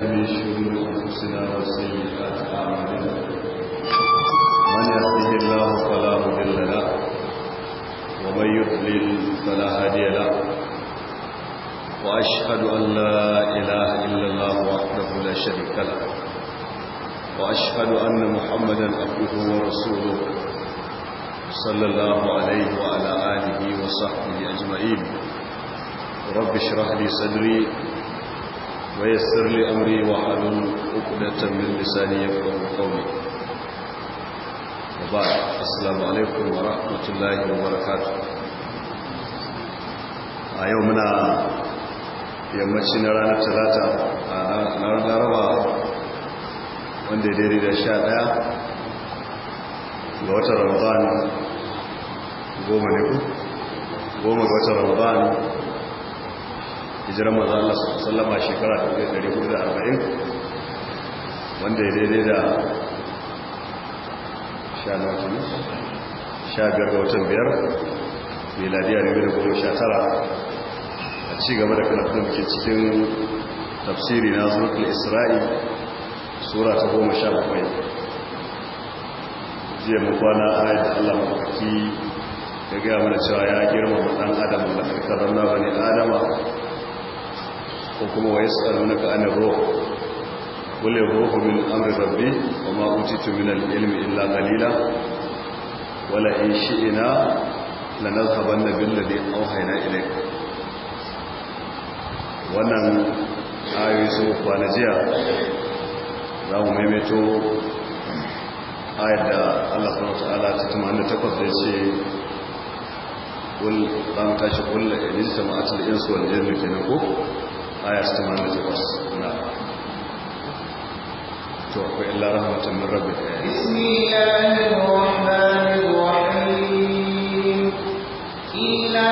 من شرور أنفسنا وسيئات أعمالنا من يهده الله فلا مضل له ومن يضلل فلا هادي له وأشهد أن لا إله إلا الله وحده لا شريك له وأشهد أن محمدا عبده ورسوله صلى الله عليه وعلى آله وصحبه أجمعين رب اشرح لي صدري ويسر لي أمري وحلل عقدة من لساني يفقه قولي وبعد السلام عليكم ورحمة الله وبركاته a yau muna yammaci na ranar talata a ranar laraba wanda ya da sha daya ga watan ramadan goma ne ku goma ga watan ramadan hijirar maza Allah sallama shekara 1440 wanda ya daidai da 15 ga watan 5 miladiya tara a cigaba gaba da karatun ke cikin tafsiri na zurfin isra'i sura ta goma sha bakwai jiya mukwana kwana ayat da allama mafaki ya gaya mana cewa ya girma Adamu adam da karkarar na wani adama sun kuma wa yas'alunaka anir ruh qul ruhu min amri rabbi wa ma utitu min al-ilmi illa qalila wala la in shi'na lanadhhabanna ladhi awhayna ilayk wannan ayoyi su kwana jiya za mu maimaito ayar da Allah subhanahu wataala ta 88 da ce kul an tashi kullu in sama'atul insu wal jinni kenan ko aya 68 na to akwai illa rahmatan min rabbika bismillahir rahmanir rahim ila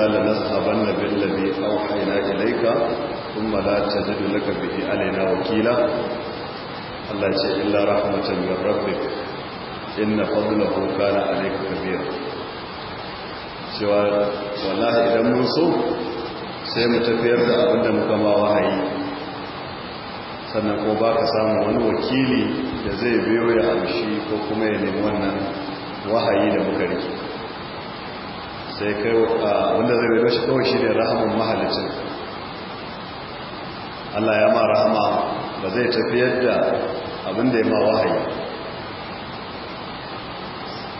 وإنا لنصحبن بالذي أوحينا إليك ثم لا تجد لك به علينا وكيلا الله يجعل إلا رحمة من ربك إن فضله كان عليك كبيرا cewa wallahi idan mun so sai mu tafiyar da abin da muka ma wahayi sannan ko ba ka samu wani wakili da zai biyo ya amshi ko kuma ya nemi wannan wahayi da muka rike sai kai wanda zai bai shi kawai shi ne rahamun mahalicin Allah ya ma rahama ba zai tafi yadda abin da ya ma wahayi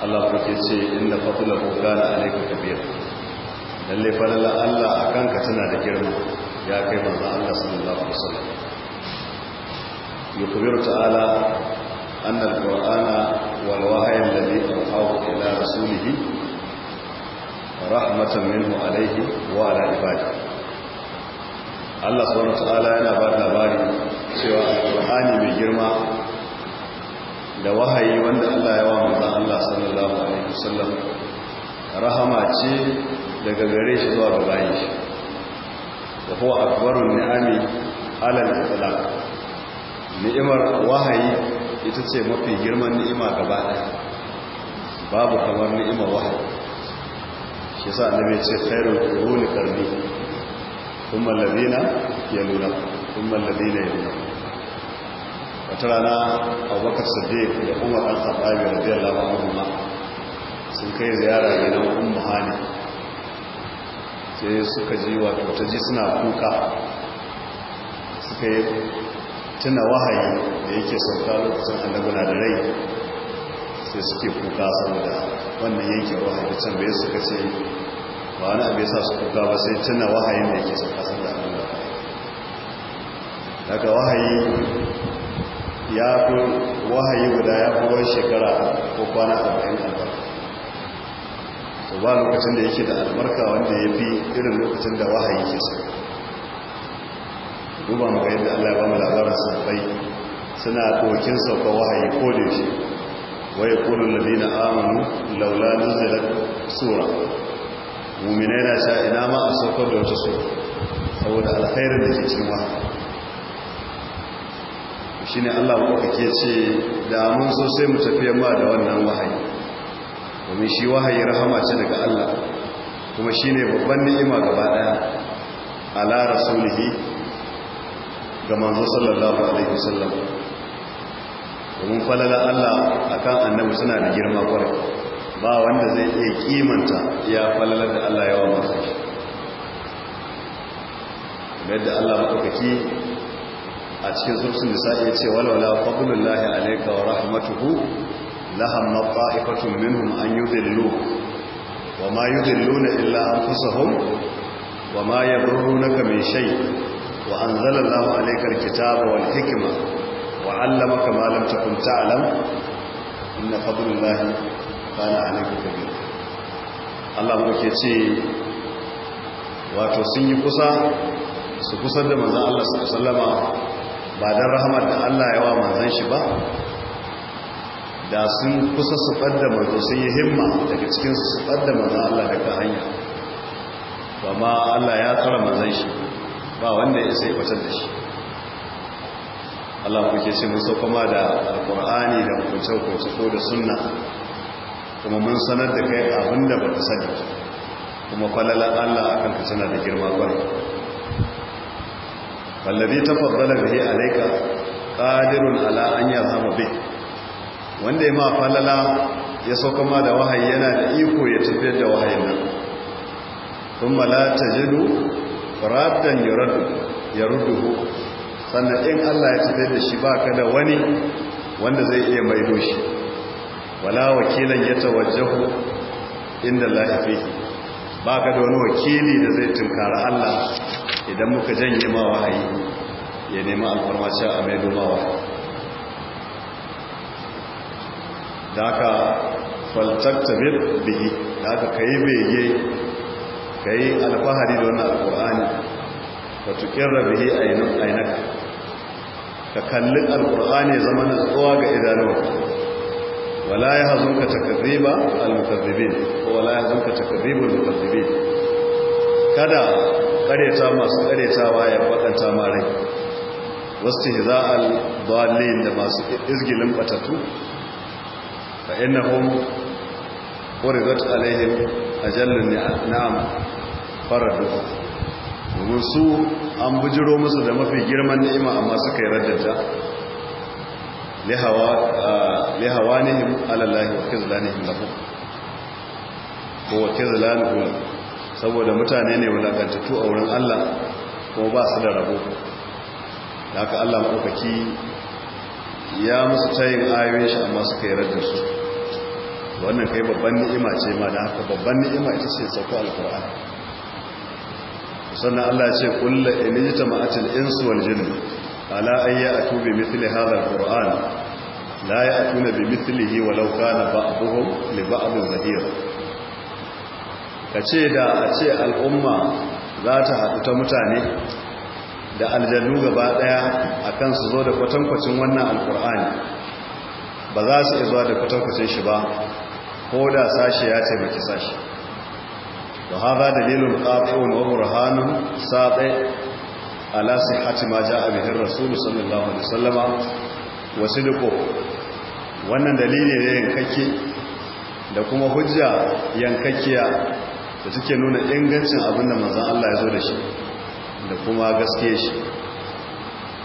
Allah kuke ce inda fatula kokana alaika kabir lalle falala Allah a kanka tana da girma ya kai manzo Allah sallallahu alaihi wasallam yukhbiru ta'ala anna al-qur'ana wal wahya alladhi awhahu ila rasulihi rahmatan minhu alaihi wa ala ibadi Allah subhanahu wataala yana ba da bari cewa alqur'ani mai girma da wahayi wanda Allah ya wa da Allah sallallahu alaihi wasallam rahama ce daga gare shi zuwa ga bayi shi wa huwa akbarun ni'ami ala al-itlaq ni'imar wahayi ita ce mafi girman ni'ima gaba ɗaya babu kamar ni'imar wahayi shi sa annabi ce khairul quruni qarni kuma ladina yaluna kuma ladina yaluna wata rana abubakar siddiq da umar al-khattabi radiyallahu anhu sun kai ziyara gidan ummu hani sai suka ji wato ta ji suna kuka suka yi tuna wahayi da yake sauka lokacin annabi na da rai sai suke kuka saboda wannan yanke wahayi can bai suka ce ba wani abin sa su kuka ba sai tuna wahayin da yake sun kasar da Allah daga wahayi ya fi wahayi guda ya fi wani shekara ko kwana arba'in albarka to ba lokacin da yake da albarka wanda ya fi irin lokacin da wahayi ke sa duba maka yadda Allah ya ba mu labarin sabbai suna dokin sauka wahayi ko da shi ويقول الذين آمنوا لولا نزلت سورة muminai na sha ina ma a saukar da wata so saboda alkhairin da ke cikin shi ne allah ke ce da mun so mu ma da wannan wahayi domin shi wahayi rahama ce daga allah kuma shi ne babban ni'ima gaba daya ala rasulihi ga manzo sallallahu alaihi wasallam domin falalar Allah a kan annabi suna da girma kwarai ba wanda zai iya kimanta ya falalar da Allah yawan masu shi yadda Allah maɗaukaki a cikin sursun nisa'i ya ce walwala fadlullahi alaika wa rahmatuhu lahamma ta'ifatun minhum an yudillu wa ma yudilluna illa an anfusahum wa ma yabrunaka min shai. wa anzala Allahu alayka alkitaba wal hikima. وعلمك ما لم تكن تعلم إن فضل الله كان عليك كبير Allah ke ce wato sun yi kusa su kusa da manzan Allah su sallama ba don rahamar da Allah ya wa manzan shi ba da sun kusa su fadda manzo sun yi himma daga cikinsu su fadda manzan Allah daga hanya ba ma Allah ya tsara manzan shi ba wanda ya sai kwatar da shi Allah kuke ce mun saukama da alkur'ani da hukunce-hukunce ko da sunna kuma mun sanar da kai abin da ba ta sani kuma falala Allah a kan tana da girma kwarai wallabi ta faddala bihi alaika qadirun ala an yarhama bi wanda ya ma falala ya saukama da wahayi yana da iko ya tafiyar da wahayin nan kuma la tajidu raddan yaruddu yaruddu sannan in Allah ya tafi da shi ba ka da wani wanda zai iya maido shi wala wakilan ya tawajjahu inda Allah ba ka da wani wakili da zai tunkara Allah idan muka janye ma wahayi ya nemi alfarmaci a mai domawa da aka faltaktabir bihi da aka kayi bege kayi alfahari da wannan alkur'ani wato yi bihi ainaka ka kalli ya zama nutsuwa ga idanuwa wala ya hazunka takadriba ko wala ya hazunka takadribu almukadzibin kada kareta masu karetawa ya bakanta wasu rai wasu a dalilin da masu izgilin batatu fa innahum uridat alaihim jallin na'am faradu domin su an bujiro musu da mafi girman ni'ima amma suka yi raddata lihawa ne him alallahi wa kizlanihim lahu ko wa kizlanihim saboda mutane ne wulakantattu a wurin Allah ko ba su da rabo da haka Allah maɗaukaki ya musu tayin ayoyin shi amma suka yi raddar su wannan kai babban ni'ima ce ma da haka babban ni'ima ita ce sauko alkur'ani sannan Allah ya ce kullu inijta ma'atil insu wal jinn ala ayya atubi mithli hadha alquran la ya'tuna bi mithlihi walau kana ba'dhum li ba'dhin zahir kace da a ce al'umma za ta haɗu ta mutane da aljannu gaba daya akan su zo da kwatankwacin wannan alqur'ani ba za su iya da kwatankwacin shi ba ko da sashe ya taimaki sashe wa dalilin dalilun qati'un wa burhanun saɓe ala sihhati ma ja'a bihi sallallahu alaihi wasallama wa sidqu wannan dalili ne yankake da kuma hujja yankakkiya da suke nuna ingancin abinda manzon Allah ya zo da shi da kuma gaske shi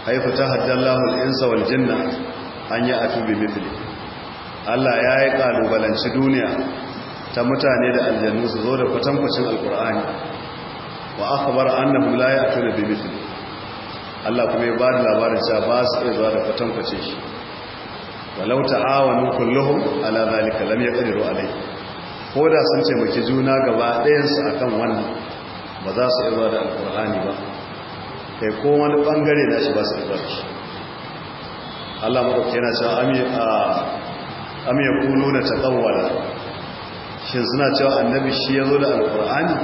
haifu ta hajjallahu al'insa wal jinna an yi atubi mithli Allah ya yi ƙalubalanci duniya ta mutane da aljannu su zo da kwatankwacin alkur'ani wa bar Annabu la ya'tuna bi mithli Allah kuma ya ba da labarin cewa ba su iya zuwa da kwatankwacin shi walau ta'awanu kulluhum ala zalika lam yaqdiru alai ko da sun ce taimaki juna gaba ɗayansu akan wannan ba za su iya da alkur'ani ba kai ko wani bangare na shi ba su iya zuwa Allah yana cewa am yakunu na shin suna cewa annabi shi ya zo da alkur'ani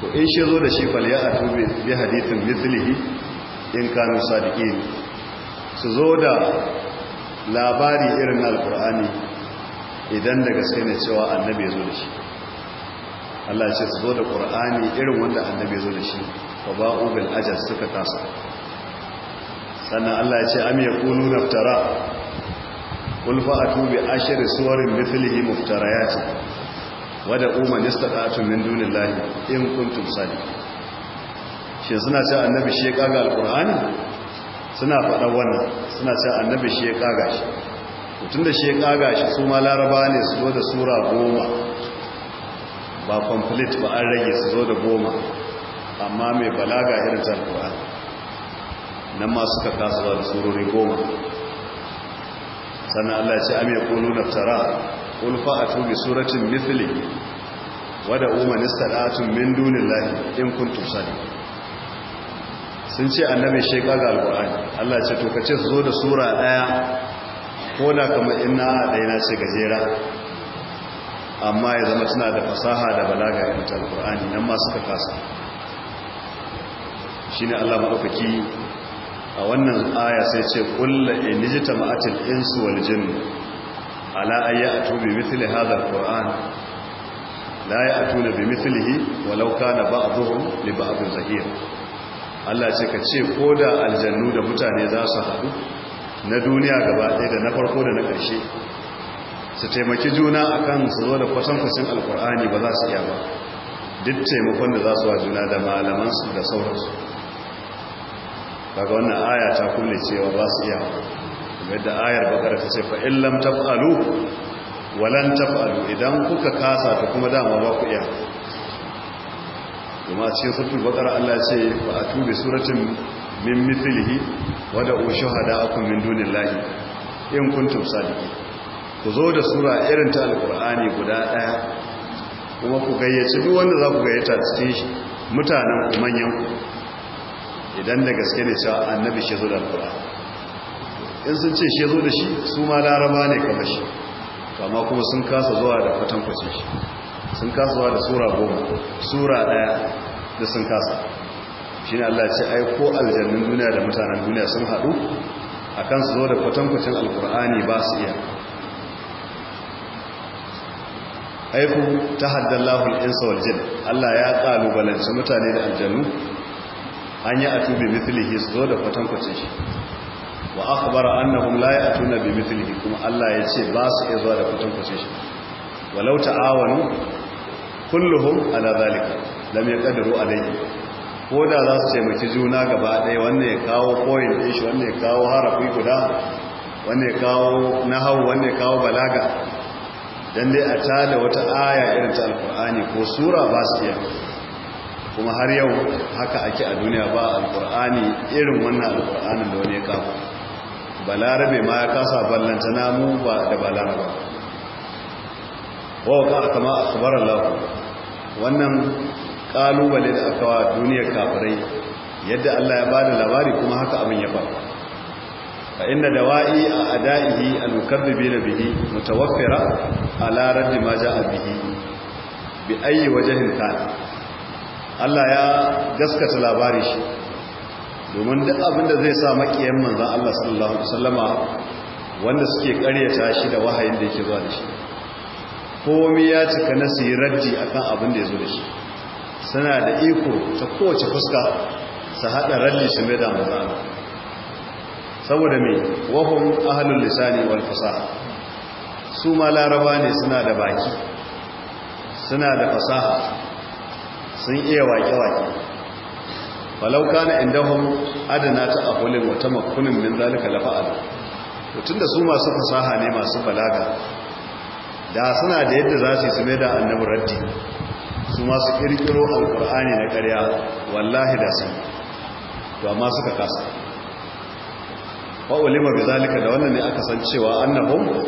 to in shi zo da shi falya a tube bi hadithin mithlihi in kanu sadiqin su zo da labari irin alkur'ani idan da gaske ne cewa annabi ya zo da shi Allah ya ce su zo da qur'ani irin wanda annabi ya zo da shi fa ba'u bil ajaz suka tasa sannan Allah ya ce am yakunu naftara qul a tubi ashirin suwarin mithlihi muftarayat wa da umman istata'tum min dunillahi in kuntum sadiqin shi suna ce annabi shi ya kaga alqur'ani suna faɗa wannan suna ce annabi shi ya kaga shi tunda shi ya kaga shi su ma laraba ne su zo da sura goma ba complete ba an rage su zo da goma amma mai balaga irin ta alqur'ani nan ma suka kasuwa da surori goma sannan Allah ce am yaqulu na tara fa'atu a suratin suratun wa wadda umarni sadatun min lahi in kun sadiqin sun ce annabi sheka ga alqur'ani Allah ce to kace su zo da sura daya ko da kamar daya na ce gajera amma ya zama suna da fasaha da balaga ga ta alqur'ani nan masu suka kasa ne Allah maɗaukaki a wannan aya sai ce kulla inijita ma'atil insu wal jin ala atu bi mithli hadha alquran la ya'tuna bi mithlihi walau kana ba'dhum li ba'd zahir Allah ce ka ce ko da aljannu da mutane za su haɗu na duniya gaba ɗaya da na farko da na ƙarshe su taimaki juna akan su zo da kwatankwacin alkur'ani ba za su iya ba duk taimakon da za su wa juna da malamansu da sauransu kaga wannan aya ta kulle cewa ba su iya kamar da ayar bakara ta ce fa in taf'alu walan taf'alu idan kuka kasa ta kuma dama ba ku iya kuma cikin suratul bakara Allah ce fa atu bi suratin min mithlihi wa da'u shuhada'akum min dunillahi in kuntum sadiqin ku zo da sura irin ta alkur'ani guda daya kuma ku gayyaci duk wanda za ku gayyata cikin shi mutanen manyan idan da gaske ne cewa annabi shi zo da alkur'ani in sun ce shi zo da shi su ma laraba ne kamar shi amma kuma sun kasa zuwa da kwace shi sun kasa zuwa da sura goma sura daya da sun kasa shi ne allah ce ai ko aljannin duniya da mutanen duniya sun haɗu a kan su zo da kwatankwacin alkur'ani ba su iya aiku ta haddallahu al'insa jin allah ya ƙalubalanci mutane da aljannu an yi atu bi mithlihi su zo da kwatankwacin shi wa akhbara annahum la ya'tuna bi mithlihi kuma Allah ya ce ba su iya zuwa da kwatankwacin shi walau ta'awanu kulluhum ala zalika lam yaqdiru alayhi ko da za su taimaki juna gaba ɗaya wanne ya kawo koyin din shi wanne ya kawo harafi guda wanne ya kawo nahawu wanne ya kawo balaga dan dai a tada wata aya irin ta alqur'ani ko sura ba su iya kuma har yau haka ake a duniya ba alkur'ani irin wannan alkur'anin da wani ya kafa balarabe ma ya kasa ballanta namu ba da balaraba wawaka a kama a kabar allahu wannan kalubale da aka wa duniyar kafirai yadda allah ya bada labari kuma haka abin ya faru fa inna dawa'i a adaihi al-mukaththibina bihi mutawaffira ala radd ma ja'a bihi bi ayyi wajhin kana Allah ya gaskata labari shi domin duk abin da zai sa makiyan manzan Allah sallallahu alaihi wasallama wanda suke karyata shi da wahayin da yake zuwa da shi komai ya cika na siraddi akan abin da ya zo da shi suna da iko ta kowace fuska su haɗa raddi su mai da zana saboda mai wahun ahalun lisani wal fasaha su ma laraba ne suna da baki suna da fasaha sun iya waƙe-waƙe na inda indahum adana ta ahulin wata makunin min zalika ala? mutum da su masu fasaha ne masu balaga da suna da yadda za su yi su mai annabu raddi su masu kirkiro Alƙur'ani na ƙarya, wallahi da su to amma suka kasa ma bi zalika da wannan ne aka san cewa annabun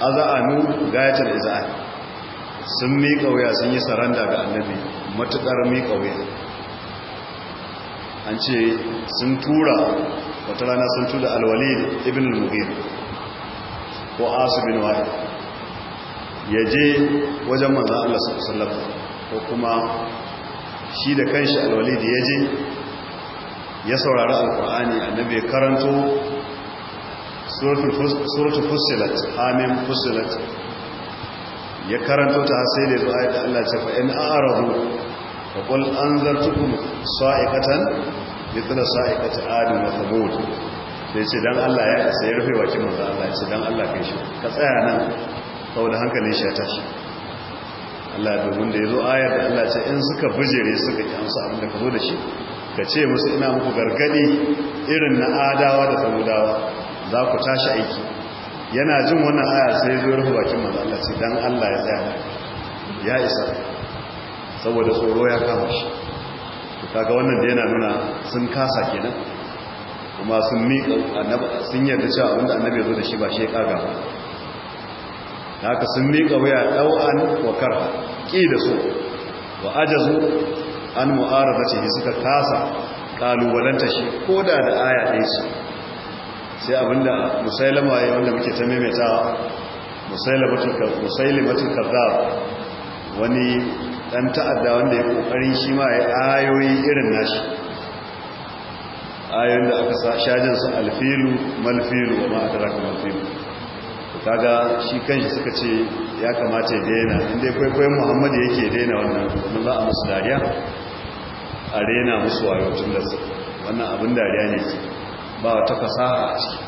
aza'anu gayatar iza'an sun miƙa wuya sun yi saranda ga annabi matuƙar miƙa wuya an ce sun tura wata rana sun tura alwalid ibn al-mughir ko asu bin wa'i ya je wajen manzan Allah sallallahu ko kuma shi da kanshi alwalid ya je ya saurari alkur'ani annabi ya karanto suratul fusilat amin fusilat ya karanto ta sai da zuwa da Allah ce fa a arahu fa qul anzartukum sa'ikatan mithla sa'ikati adin wa thamud sai ce dan Allah ya isa ya rufe bakin manzo Allah ya ce dan Allah ka tsaya nan shi ya Allah da yazo ayar da Allah ce in suka bijire suka ki amsa abin da ka da shi ka ce musu ina muku gargadi irin na adawa da samudawa za ku tashi aiki yana jin wannan aya sai zo rufe manzo Allah dan Allah ya tsaya ya isa saboda tsoro ya kama shi kaga wannan da yana nuna sun kasa kenan kuma sun miƙa sun yarda cewa wanda annabi ya zo da shi ba shi ya kaga ba da haka sun miƙa waya ɗau'an wa karha ƙi da su wa ajazu an da ciki suka kasa ƙalubalanta shi ko da da aya ɗaya su sai abinda musailama ya wanda muke ta maimaita musailamatul kazzab wani dan ta'adda wanda ya kokarin shi ma ya ayoyi irin nashi ayoyin da aka sa shajin su alfilu malfilu ma adraka malfilu kaga shi kanshi suka ce ya kamata ya daina inda kwaikwayon muhammadu yake daina wannan domin za a musu dariya a daina musu wayo tun da su wannan abin dariya ne ba wata fasaha a ciki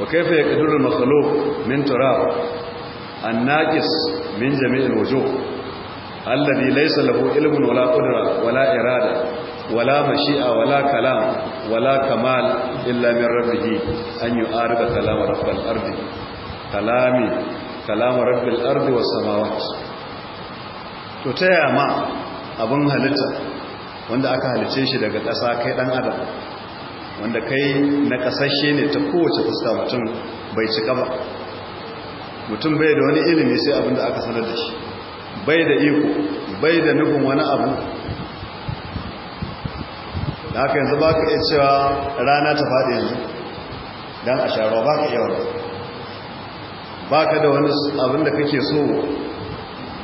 wa kaifa ya kadurar makalo min turab annaqis min jami'il wujuh alladhi laysa lahu ilmun wala qudra wala irada wala mashi'a wala kalam wala kamal illa min rabbih an yu'arida kalam rabbil ardi kalami kalam rabbil ardi was samawati to taya ma abun halitta wanda aka halice shi daga ƙasa kai dan adam wanda kai na kasashe ne ta kowace fuska mutum bai cika ba mutum bai da wani ilimi sai abinda aka sanar da shi bai da iko bai da nufin wani abu da haka yanzu ba ka iya cewa rana ta faɗi yanzu don a sharuwa ba ka yawon ba ka da wani abin da kake so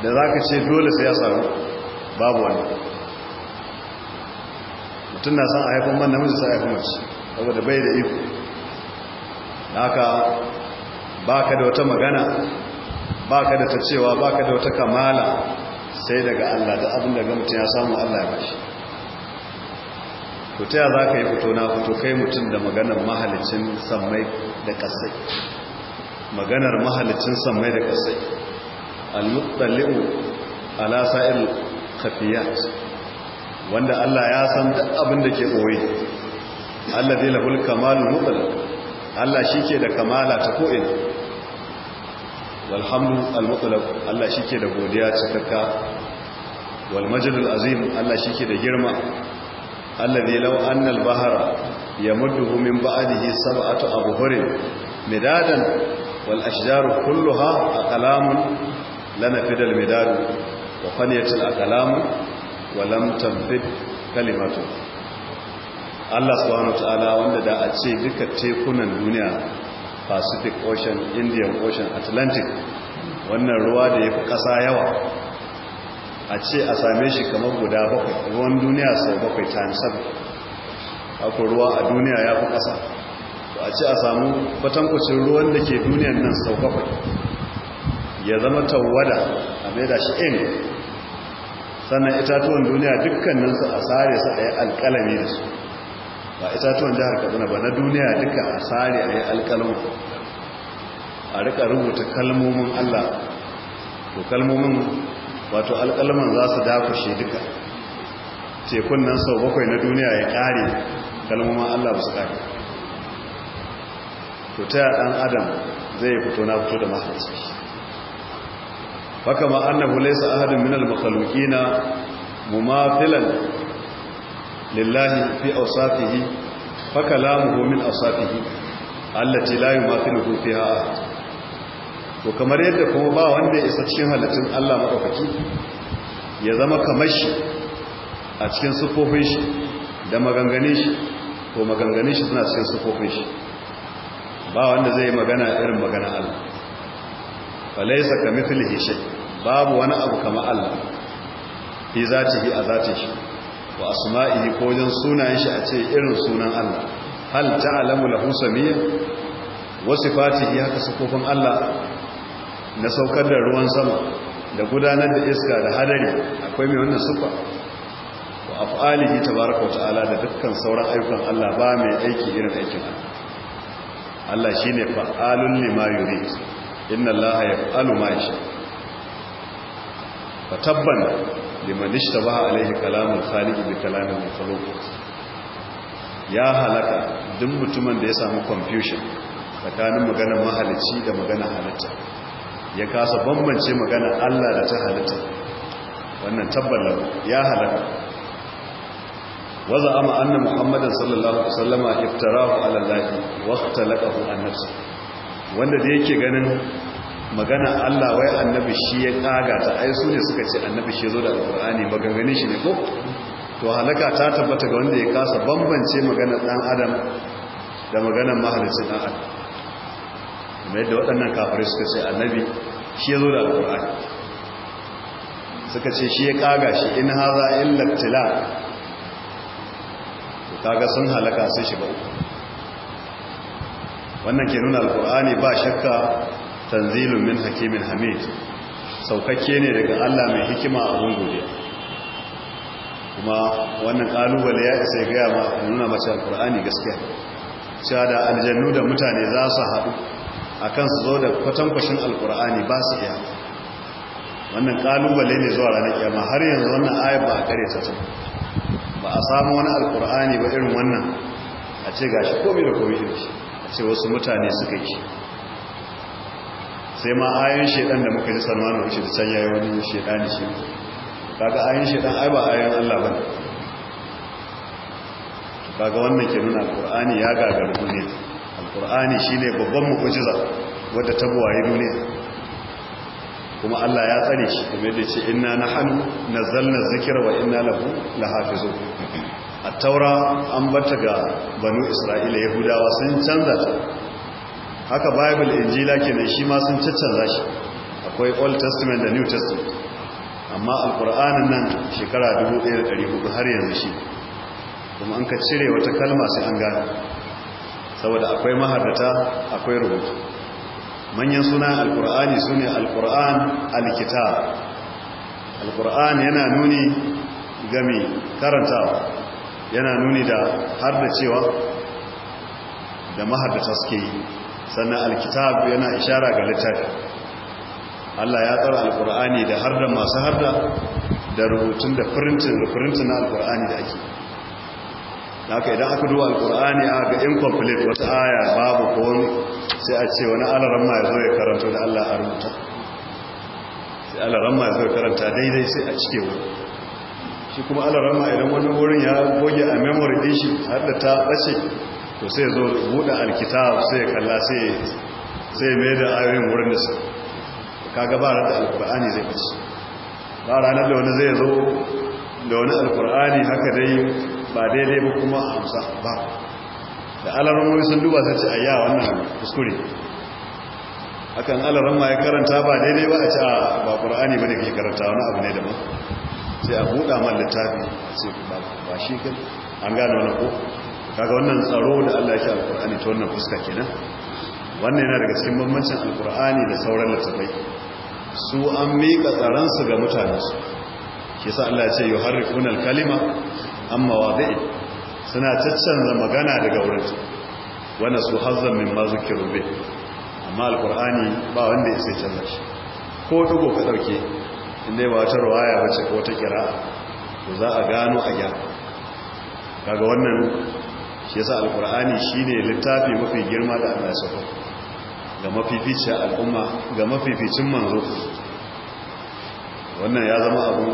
da za ka ce dole sai ya tsaro babu wani mutum na san a haifin man namiji sai haifin mace saboda bai da iko haka ba ka da wata magana ba ka da ta cewa ba ka da wata kamala sai daga Allah da abin daga mutum ya samu Allah ya bashi Ku ta za ka yi fito na fito kai mutum da maganar mahalicin sammai da kasai maganar mahalicin sammai da kasai al-muttali'u ala sa'il khafiyat wanda Allah ya san duk abin da ke boye Allah dai lahul kamalul mutlaq Allah shi ke da kamala ta ko'ina walhamdu almutlaq Allah shike da godiya cikakka wal majlul azim Allah shike da girma alladhi law anna al bahra yamudduhu min ba'dihi sab'atu abhurin midadan wal ashjaru kulluha aqlamun lanafida al midad wa faniyat aqlam wa lam tanfid kalimatu Allah subhanahu wa ta'ala wanda da a ce duka tekunan duniya pacific ocean indian ocean atlantic wannan ruwa da ya fi ƙasa yawa a ce a same shi kamar guda bakwai ruwan duniya sau bakwai times 7 akwai ruwa a duniya ya fi ƙasa a ce a samu kwatankwacin ruwan da ke duniyan nan sau bakwai ya zama tawada a maida shi in sannan itatuwan duniya dukkaninsu a sare su a yi alƙalami da su ba itatuwan jihar kaduna ba na duniya duka a tsari a yi alkalmu a rika rubuta kalmomin allah to kalmomin wato alkalman za su dakushe duka tekun nan sau bakwai na duniya ya kare kalmomin allah ba su kare to ta yadda adam zai fito na fito da mahaifisar haka ma annahu laysa ahadun min al mu mafilan lillahi fi awsafihi fa kalamuhu min awsafihi allati la yumathiluhu fiha ahad to kamar yadda kuma ba wanda ya isa cikin halittun Allah madaukaki ya zama kamar shi a cikin sufofin shi da maganganin shi to maganganin shi suna cikin sufofin shi ba wanda zai magana irin magana Allah babu wani abu kama Allah a wa asma'ihi ko wajen sunayen shi a ce irin sunan Allah hal ta'lamu lahu samiyya wa sifatihi haka sakofin Allah na saukar da ruwan sama da gudanar da iska da hadari akwai mai wannan sifa wa af'alihi tabaaraka ta'ala da dukkan sauran ayyukan Allah ba mai aiki irin aikin Allah shine fa'alun lima yurid inna Allah yaf'alu ma yasha fa tabban liman ishtabaha alaihi kalamul khaliq bi kalamil makhluq ya halaka duk mutumin da ya samu confusion tsakanin maganar mahalicci da maganar halitta ya kasa bambance maganar Allah da ta halitta wannan tabbalar ya halaka waza ama anna muhammadan sallallahu alaihi wasallama iftarahu ala allahi wa ikhtalaqa an nafsi wanda da yake ganin magana Allah wai annabi shi ya kaga ta ai su ne suka ce annabi shi zo da alqur'ani gangane shi ne ko to halaka ta tabbata ga wanda ya kasa bambance maganar dan adam da maganar mahalicin dan adam kuma yadda waɗannan kafirai suka ce annabi shi ya zo da alqur'ani suka ce shi ya kaga shi in haza illa tila to kaga sun halaka sai shi ba wannan ke nuna alqur'ani ba shakka tanzilun min hakimin hamid saukakke ne daga Allah mai hikima a godiya kuma wannan kalubale ya isa gaya ma nuna mace alkur'ani gaskiya cewa da aljannu da mutane za su haɗu a kan su zo da kwatankwashin alkur'ani ba su iya wannan kalubale ne zuwa ranar kyama har yanzu wannan ayi ba a kare ta ce ba a samu wani alkur'ani ba irin wannan a ce gashi komai da komi a ce wasu mutane suka yi sai ma ayin shaidan da muka ji salmanu wace da can yayi wani shedani shi kaga ayin shaidan ai ba ayin Allah bane kaga wannan ke nuna alqur'ani ya gagaru ne alqur'ani shine babban mu'jiza wadda ta buwaye duniya kuma Allah ya tsare shi kuma yadda ce inna nahnu nazzalna dhikra wa inna lahu lahafizun a taura an bata ga banu isra'ila yahudawa sun canza ta haka bible injila kenan shi ma sun caccanza shi akwai old testament da new testament amma alkur'anin nan shekara 1400 har yanzu shi kuma an ka cire wata kalma sai an gane saboda akwai mahadata, akwai rubutu manyan suna alkur'ani su ne alkur'an alkita alkur'an yana nuni gami karantawa yana nuni da har da cewa da mahardata suke yi sannan alkitab yana ishara ga littafi Allah ya tsara alkur'ani da har da masu har da da rubutun da printin printin na alkur'ani da ake da haka idan aka duwa alkur'ani a ga incomplete wata aya babu ko wani sai a ce wani alaran ma ya zo ya karanta da Allah a rubuta sai alaran ma ya zo ya karanta daidai sai a cike wani shi kuma alaran ma idan wani wurin ya goge a memory din shi har da ta bace to sai zo buɗe alkitab sai ya kalla sai ya mai da ayoyin wurin da su kaga ba da alkur'ani zai faci ba ranar da wani zai zo da wani alkur'ani haka dai ba daidai ba kuma a hamsa ba da wani sun duba sai ce ayya wannan kuskure akan ma ya karanta ba daidai ba a ce ba ƙur'ani ba da ke karanta wani abu ne ba sai a buɗa man littafi sai ba shi kan an gane wani ko kaga wannan tsaro da Allah ya shi alkur'ani ta wannan fuska kenan wannan yana daga cikin bambancin alkur'ani da sauran littattafai su an miƙa tsaransu ga mutanensu shi sa Allah ya ce yuharrifuna kalima? amma wadi'i suna caccanza magana daga su wanda su hazzan min mazu ke bi amma alkur'ani ba wanda ya sai canza shi ko dugo ka dauke inda ba wata ruwaya bace ko ta kira to za a gano a gyara kaga wannan shi yasa alkur'ani shine littafi mafi girma da Allah sako ga mafificin al'umma ga mafificin manzo wannan ya zama abu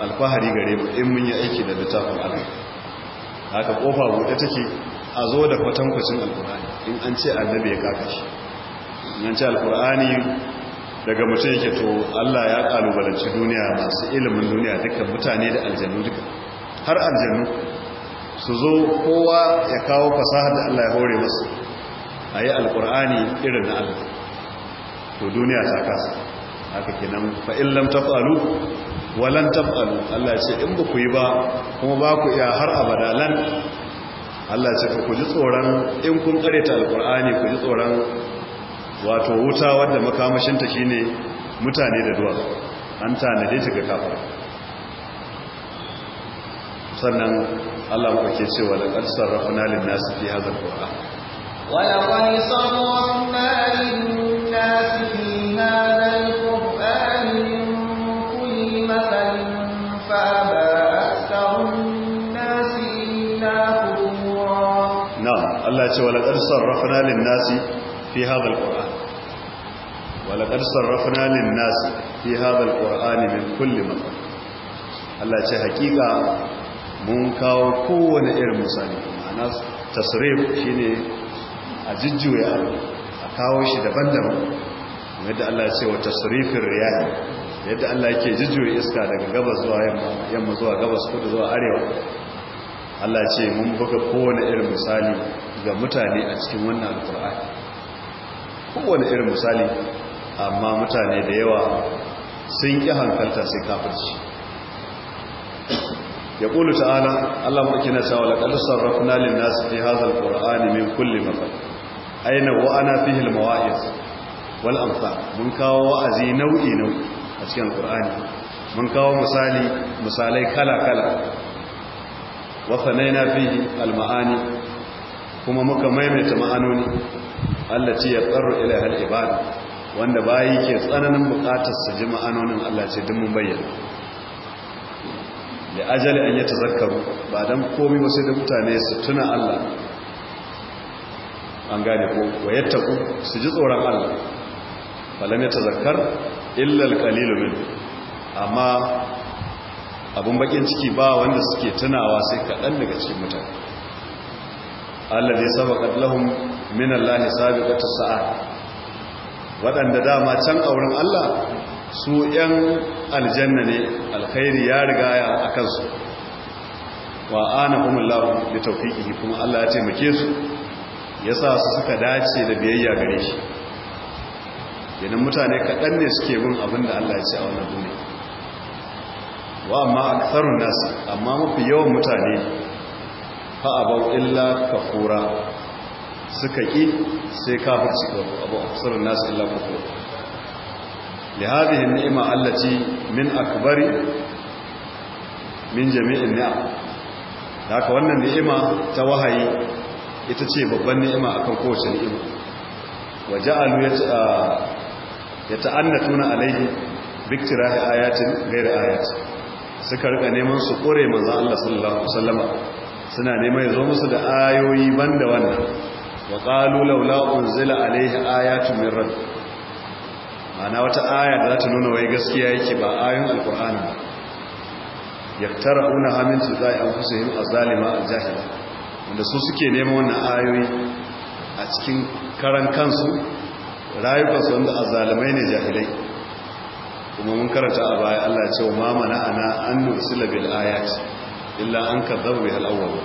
alfahari gare mu in mun yi aiki da littafin Allah haka kofa buɗe take a zo da kwatankwacin alkur'ani in an ce annabi ya kaka shi in an ce alkur'ani daga mutum yake to Allah ya kalubalanci duniya masu ilimin duniya dukkan mutane da aljannu duka har aljannu su zo kowa ya kawo fasahar da Allah ya hore masu a yi alkur'ani irin na Allah to duniya ta kasa haka kenan fa'in lam tafalu walan tafalu Allah ce in ba ku yi ba kuma ba ku iya har abada lan Allah ce ku ji tsoron in kun kareta alkur'ani ku ji tsoron wato wuta wadda makamashinta shine mutane da duwa an tanade ta ga kafa sannan Allah muka ke cewa da ƙarsar rafuna lin nasu fi hazar ƙura wala kwai sabon malin nasu fi hazar ƙura'anin kulli matsalin fa'aba Allah ce wala qad sarrafna lin nasi fi hadha alquran wala qad sarrafna lin nasi fi hadha alquran min kulli mathal Allah ce hakika mun kawo kowane irin misali ma'ana shi shine a jijjuya a kawo shi daban-daban yadda Allah ya ce wa tasirifin riyayi yadda Allah ke jijjuya iska daga gabas zuwa yamma zuwa gabas kudu zuwa arewa Allah ce mun buga kowane irin misali ga mutane a cikin wannan alkur'ani kowane irin misali amma mutane da yawa sun ƙi hankalta sai kafirci ya ƙulu ta'ala Allah maɗauki na cewa laƙadar sarrafna lin nasu fi hazal ƙur'ani min kulli mafal aina wa ana fihi al wal amsa mun kawo wa'azi nau'i nau'i a cikin ƙur'ani mun kawo misali misalai kala kala wa fanaina fihi al-ma'ani kuma muka maimaita ma'anoni Allah ce ya tsaro ila hal wanda baya ke tsananin bukatar su ji ma'anonin Allah ce mun bayyana da ajali an yi tazarkaru ba don komi wasu da mutane su tuna Allah an gane ko wayatta ku su ji tsoron Allah falam ya tazakkar illal qalilu min amma abun bakin ciki ba wanda suke tunawa sai kaɗan daga cikin mutane allazi sabaqat lahum min allahi sabiqatu sa'a waɗanda dama can auren Allah su 'yan aljanna ne alkhairi ya riga ya a kansu wa ana lafi da tawfiqihi kuma Allah ya taimake su yasa su suka dace da biyayya gare shi yanin mutane kaɗan ne suke bin abin da Allah ya ce a wannan duniya wa amma a ƙasar nasu amma mafi yawan mutane fa abaw illa kafura suka ki sai kafirci abu a aktharun nasu illa kafura li ni'ima an-ni'ma min akbari min jami'in ni'am haka wannan ni'ima ta wahayi ita ce babban ni'ima akan kowace ni'ima ta ja'alu yata'annatuna alayhi biktirahi ayatin ghayr ayati suka rika neman su kore manzo Allah sallallahu suna neman ya da ayoyi banda wannan wa laula unzila alayhi ayatun ma'ana wata aya da za ta nuna wai gaskiya yake ba ayon alkur'ani ya tara una hamin su yi an kusa yin azalima a jahila wanda su suke nema wannan ayoyi a cikin karan kansu rayukansu wanda azalimai ne jahilai kuma mun karanta a baya Allah ya ce wa ma mana ana an nusila bil ayat illa an kadzabu bil awwal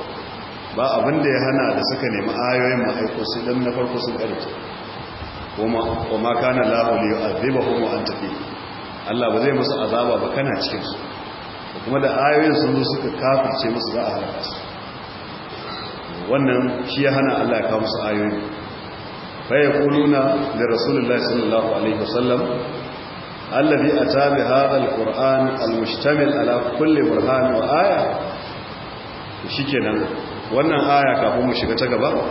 ba abinda ya hana da suka nemi ayoyin mu don na farko sun karanta kuma kana lahu li yu'adhibahum kuma an tafi. Allah ba zai musu azaba ba kana cikin su kuma da ayoyin sun zo suka kafirce musu za a halaka su wannan shi ya hana Allah ya kawo musu ayoyi fa yaquluna li rasulillahi sallallahu alaihi wasallam alladhi ata bi hadha alquran almushtamil ala kulli burhan wa aya shikenan wannan aya kafin mu shiga ta gaba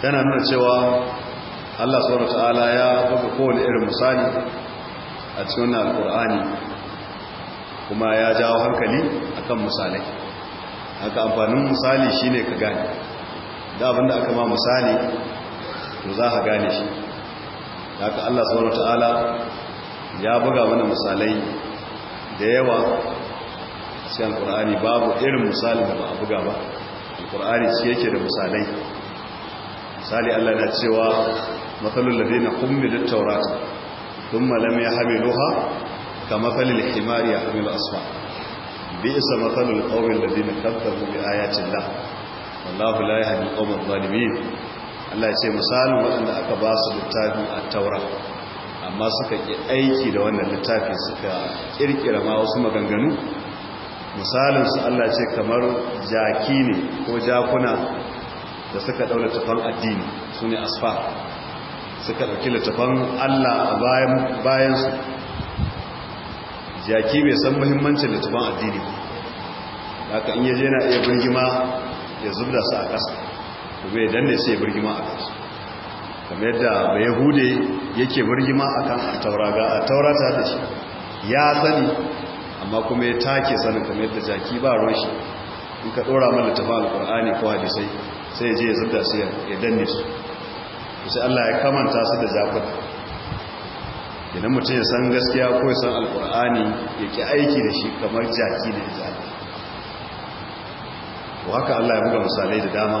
Yana nuna cewa Allah subhanahu ta'ala ya buga kowane irin misali a cikin al’ur'ani kuma ya jawo hankali akan misalai haka amfanin misali shine ka gane da abinda aka ma misali to za ka gane shi haka Allah subhanahu ta'ala ya buga mana misalai da yawa sai al’ur'ani babu irin misali da ba a buga ba al’ur'ani shi yake da misalai misali Allah na cewa matsalul ladina hummilut tawrata thumma lam yahmiluha kamathalil himari yahmilu asfa bi'sa mathalul qawmil ladina kadzabu bi ayatillah wallahu la yahdi al-qawmal Allah ya ce misalin waɗanda aka ba su littafin at-taura amma suka ki aiki da wannan littafi suka kirkira ma wasu maganganu misalin su Allah ce kamar jaki ne ko jakuna da suka daula tafan addini su ne asfa suka ɗauki littafan Allah a bayansu jaki bai san muhimmancin littafan addini haka in yaje na iya birgima ya zubda su a ƙasa kuma ya danne sai ya birgima a ƙasa kamar yadda bai yahude yake birgima a kan a taura a taurata da shi ya sani amma kuma ya take sanin kamar yadda jaki ba ruwan shi in ka ɗora mana littafan alƙur'ani ko hadisai sai ya je ya zubda su ya danne su sai Allah ya kamanta su da zafin idan mutum ya san gaskiya ko ya san alkur'ani ya ki aiki da shi kamar jaki da zafi ko haka Allah ya buga misalai da dama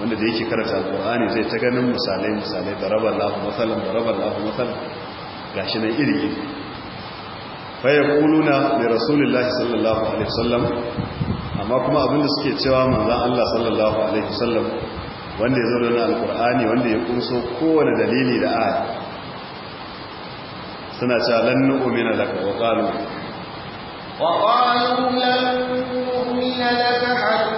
wanda da yake karanta alkur'ani zai ta ganin misalai misalai da rabar lafi matsalan da rabar lafi matsalan shi nan iri iri faya kuluna mai rasulullahi sallallahu alaihi sallam amma kuma abinda suke cewa manzan Allah sallallahu alaihi sallam. wanda ya zo na alkur'ani wanda ya kunso kowane dalili da aya suna calan nu'umina laka wa qalu wa qalu lan nu'mina laka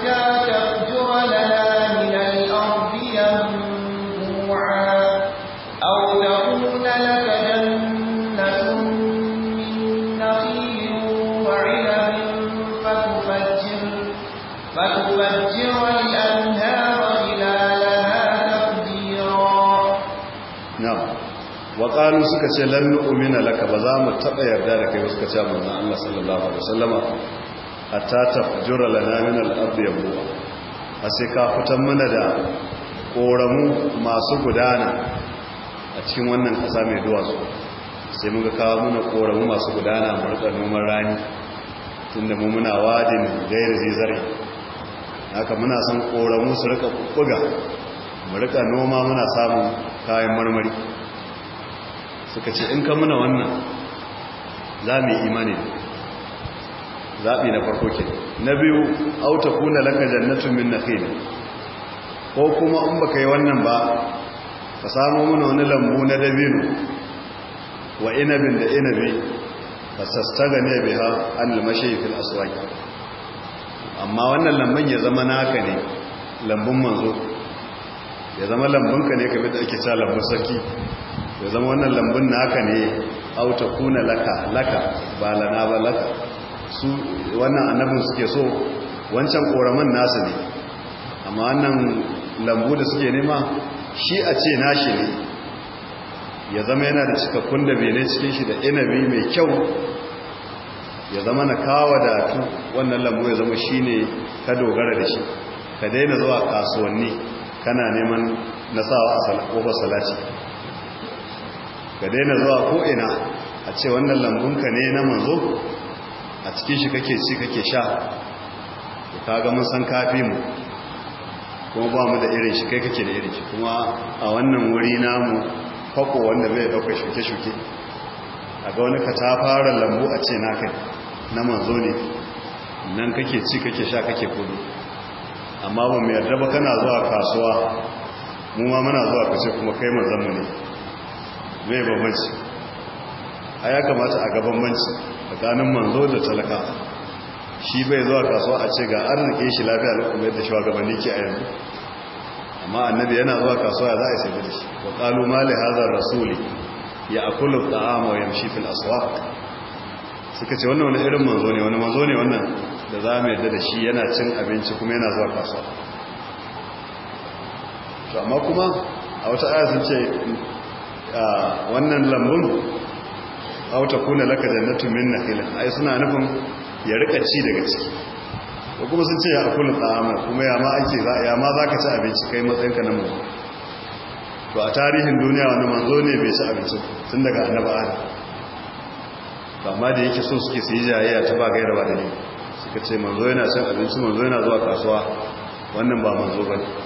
kalu suka ce lan nu'mina laka ba za mu taba yarda da kai ba suka ce manzo Allah sallallahu alaihi wasallama hatta tafjura lana min al-ard yabwa a sai ka fitan mana da koramu masu gudana a cikin wannan kasa mai duwatsu sai muka kawo mana koramu masu gudana mu rika noman rani tunda mu muna wadin gairi zizari haka muna son koramu su rika kubuga mu rika noma muna samun kayan marmari suka ce in ka muna wannan za mu yi imani zaɓi na farko ke na biyu auta kuna laka jannatun min ne. ko kuma in baka yi wannan ba ka samu mana wani lambu na dabino wa inabin da inabi ka ga ne biya an yi fil asuwaki. amma wannan lambun ya zama naka ne lambun manzo ya zama lambunka ne kamar da ake sa lambun sarki ya zama wannan lambun naka ne auta kuna laka laka ba lana ba laka su wannan annabin suke so wancan koraman nasu ne amma wannan lambu da suke nema shi a ce nashi ne ya zama yana da cikakkun da bene cikin shi da inabi mai kyau ya zama na kawo da tu wannan lambu ya zama shi ne ka dogara da shi ka daina zuwa kasuwanni kana neman nasawa a kofar salati ka daina zuwa ko'ina a ce wannan lambunka ne na manzo a cikin shi kake ci kake sha da kaga mun san kafi mu kuma ba mu da irin shi kai kake da irin shi kuma a wannan wuri namu fako wanda bai ɗauka shuke-shuke a ga wani ka ta fara lambu a ce naka na manzo ne nan kake ci kake sha kake kudu amma ba mai yarda ba kana zuwa kasuwa mu ma muna zuwa kace kuma kai manzanmu ne mai bambanci a ya kamata a gaban banci tsakanin manzo da talaka shi bai zuwa kasuwa a ce ga arziki shi lafiya da kuma yadda shugabanni ke a yanzu amma annabi yana zuwa kasuwa ya za a yi sai shi wa kalu mali hazar rasuli ya akulu ta'ama wa yamshi fil aswaq suka ce wannan wani irin manzo ne wani manzo ne wannan da za mu yadda da shi yana cin abinci kuma yana zuwa kasuwa to amma kuma a wata aya sun ce wannan lambun auta kuna laka jannatu min nakhilin ai suna nufin ya rika ci daga ciki ko kuma sun ce ya akulu ta'ama kuma ya ma ake za ya ma zaka ci abinci kai matsayin ka nan mu to a tarihin duniya wani manzo ne bai ci abinci tun daga annabi adam amma da yake so suke su yi jayayya ta ba gaira ba da ni, suka ce manzo yana cin abinci manzo yana zuwa kasuwa wannan ba manzo ba ne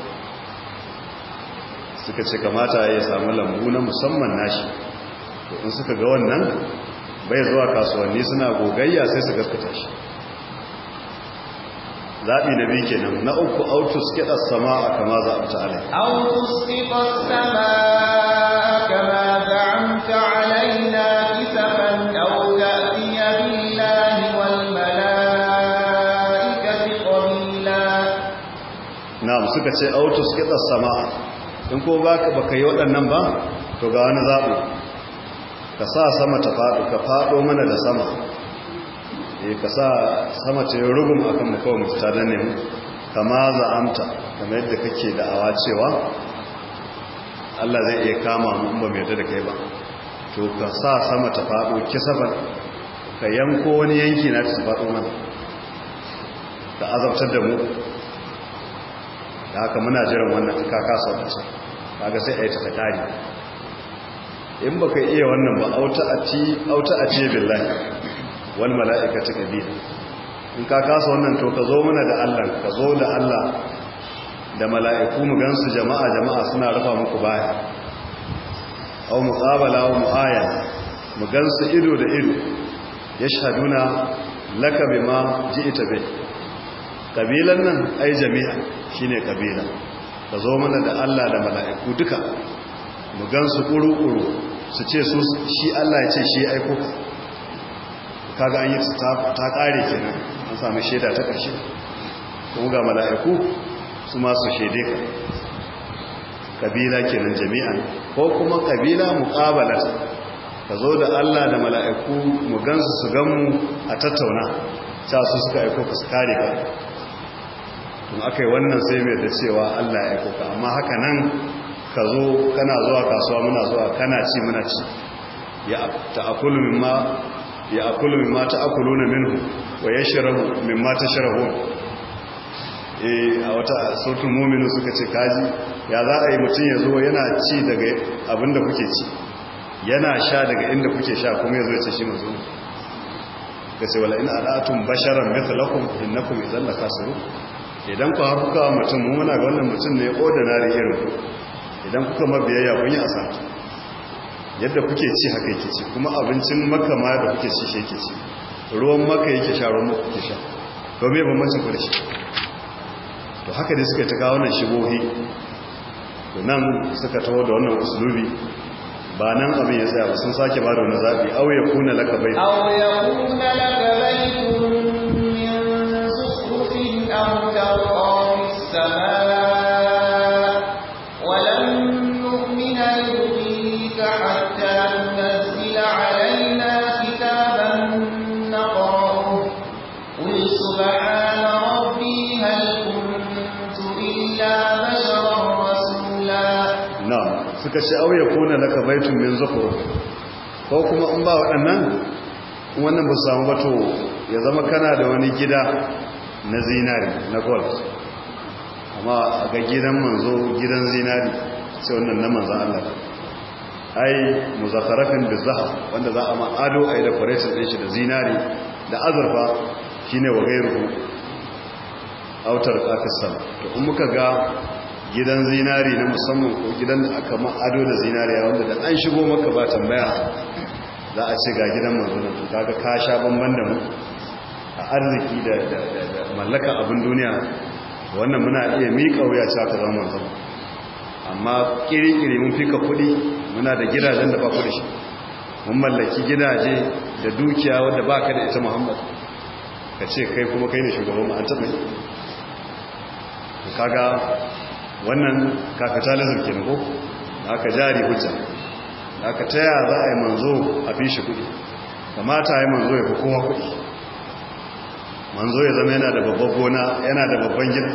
suka ce kamata ya samu lambu na musamman nashi to in suka ga wannan bai zuwa kasuwanni suna gogayya sai su gaskata shi zaɓi na biyu kenan na uku autus kiɗa sama a kama za a ta alai autos kiɗa sama kama za a ta alai na kisafan ɗauka iya billahi wal mala'ika fi ƙorila na suka ce autus kiɗa sama in ko baka baka yi waɗannan ba to ga wani zaɓi ka sa sama ta faɗo ka faɗo mana da sama e ka sa sama ta yi a kan mu kawai mutu tare ne maza za'amta kamar yadda kake da'awa cewa Allah zai iya kama mu ba mai da kai ba to ka sa sama ta faɗo ba ka yanko wani yanki na ta faɗo mana ka azabtar da mu da haka muna jiran wannan kaka sauƙi kaga sai a yi ta ƙari in ba ka iya wannan ba auta a ce billah wani mala'ika cika ƙabila in ka kasa wannan to ka zo mana da allah ka zo da allah da mala'iku mu gansu jama'a jama'a suna rufa muku baya au mu tsabala wa mu'aya mu gansu ido da ido ya shaduna laka bima ita bai kabilan nan ai jami'a shine kabila ka zo mana da Allah da mala'iku duka mu gansu kuru-kuru su ce su shi Allah ya ce shi aiko kaga an yi ta kare kenan an samu shaida ta ƙarshe kuma ga mala'iku su masu shaide ka kabila kenan jami'a ko kuma kabila muqabalat ka zo da Allah da mala'iku mu gansu su ganmu a tattauna ta su suka aiko ka su kare ka tun aka yi wannan sai mai da cewa Allah ya kuka amma haka nan ka zo kana zuwa kasuwa muna zuwa kana ci muna ci ya akulu mimma ta akulu na minu wa ya shirahu mimma ta eh a wata sautin mominu suka ce kaji ya za a yi mutum ya zo yana ci daga abinda kuke ci yana sha daga inda kuke sha kuma ya zo ya ce shi mazo ka ce al'atun in ada'atum basharan mithlakum innakum idan la idan ku har kuka mutum mu muna ga wannan mutum ne da irin ku idan kuka mabiyayya kun yi asa yadda kuke ci haka yake ci kuma abincin makama da kuke ci shi yake ci ruwan maka yake sha ruwan maka kuke sha to me ban ku kurshi shi to haka ne suka ta kawo wannan shigohi to nan suka taho da wannan usulubi ba nan abin ya tsaya sun sake ba da wani zaɓi au kuna laka bai kuna laka Ka ce auya na laka baitun min zufur ko kuma in ba waɗannan wannan ba samu bato ya zama kana da wani gida na zinari na gold amma ga gidan manzo gidan zinari sai wannan na manzan Allah ai muzakharafin bizahab wanda za a ma ado ai decoration din shi da zinari da azurfa shine wa gairu autar kafis to in muka ga gidan zinari na musamman ko gidan da aka ma'ado da zinariya wanda da an shigo maka ba tambaya za a ce ga gidan manzonan to kaga ka sha banban da mu a arziki da mallaka abin duniya wannan muna iya miƙa wuya cewa ka zama manzon amma kiri-kiri mun fika kuɗi muna da gidajen da ba kuɗi shi mun mallaki gidaje da dukiya wadda ba ka da ita muhammad ka ce kai kuma kai ne shugaban an taɓa kaga wannan kafitalism ke ko aka jari hujja aka ya za a yi manzo a fi shi kudi kamata a yi manzo ya fi kowa kudi manzo ya zama yana da babban gona yana da babban gida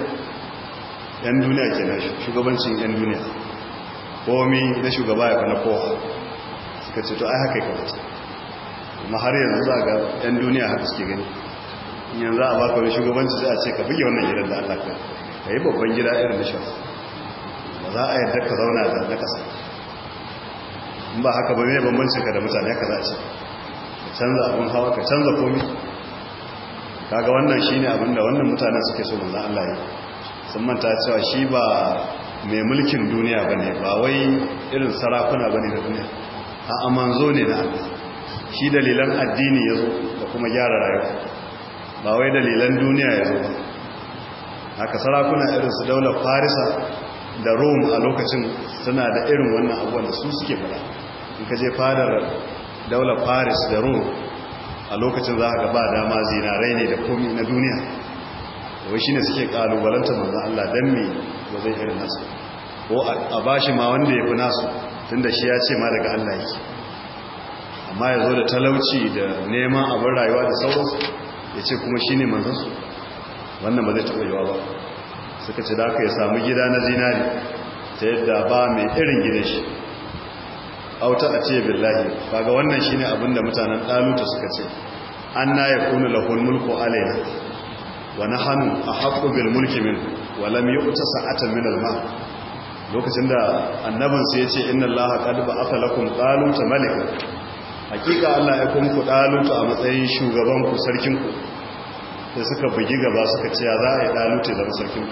yan duniya ke na shugabancin yan duniya komi na shugaba ya fana kowa suka ce to ai haka kawata kuma har yanzu za ga yan duniya haka suke gani yanzu a baka wani shugabanci sai a ce ka buge wannan gidan da allah ka yi babban gida irin na shafi ba za a yarda ka zauna na kasa in ba haka ba mai bambanci ka da mutane ka za ce ka canza abin hawa ka canza komi kaga wannan shine abin da wannan mutanen suke so manzo Allah ya sun manta cewa shi ba mai mulkin duniya bane ba wai irin sarakuna bane da duniya a zo ne na Allah shi dalilan addini yazo da kuma gyara rayuwa ba wai dalilan duniya yazo zo. haka sarakuna irin su daular farisa da rome a lokacin suna da irin wannan abuwan da su suke fada in ka je fadar daular paris da rome a lokacin za a ba dama zinarai ne da komi na duniya wai shi ne suke kalubalanta manzan allah don me ba zai irin nasu ko a ba shi ma wanda ya fi nasu tun da shi ya ce ma daga allah yake amma ya zo da talauci da neman abin rayuwa da sauransu ya ce kuma shi ne manzansu wannan ba zai taɓa yawa ba suka ce da aka ya samu gida na zinari ta yadda ba mai irin gidan shi auta a ce billahi ga wannan shine abin da mutanen ɗaluta suka ce anna yakunu lahul mulku alaina hannu a haƙo bil mulki min walam lam yu'ta sa'atan min ma. lokacin da annabin ya ce inna allaha qad aka lakum taluta malika hakika allah ya kuma ku ɗaluta a matsayin shugabanku sarkinku da suka bugi gaba suka ce ya za a yi ɗalute da musulkin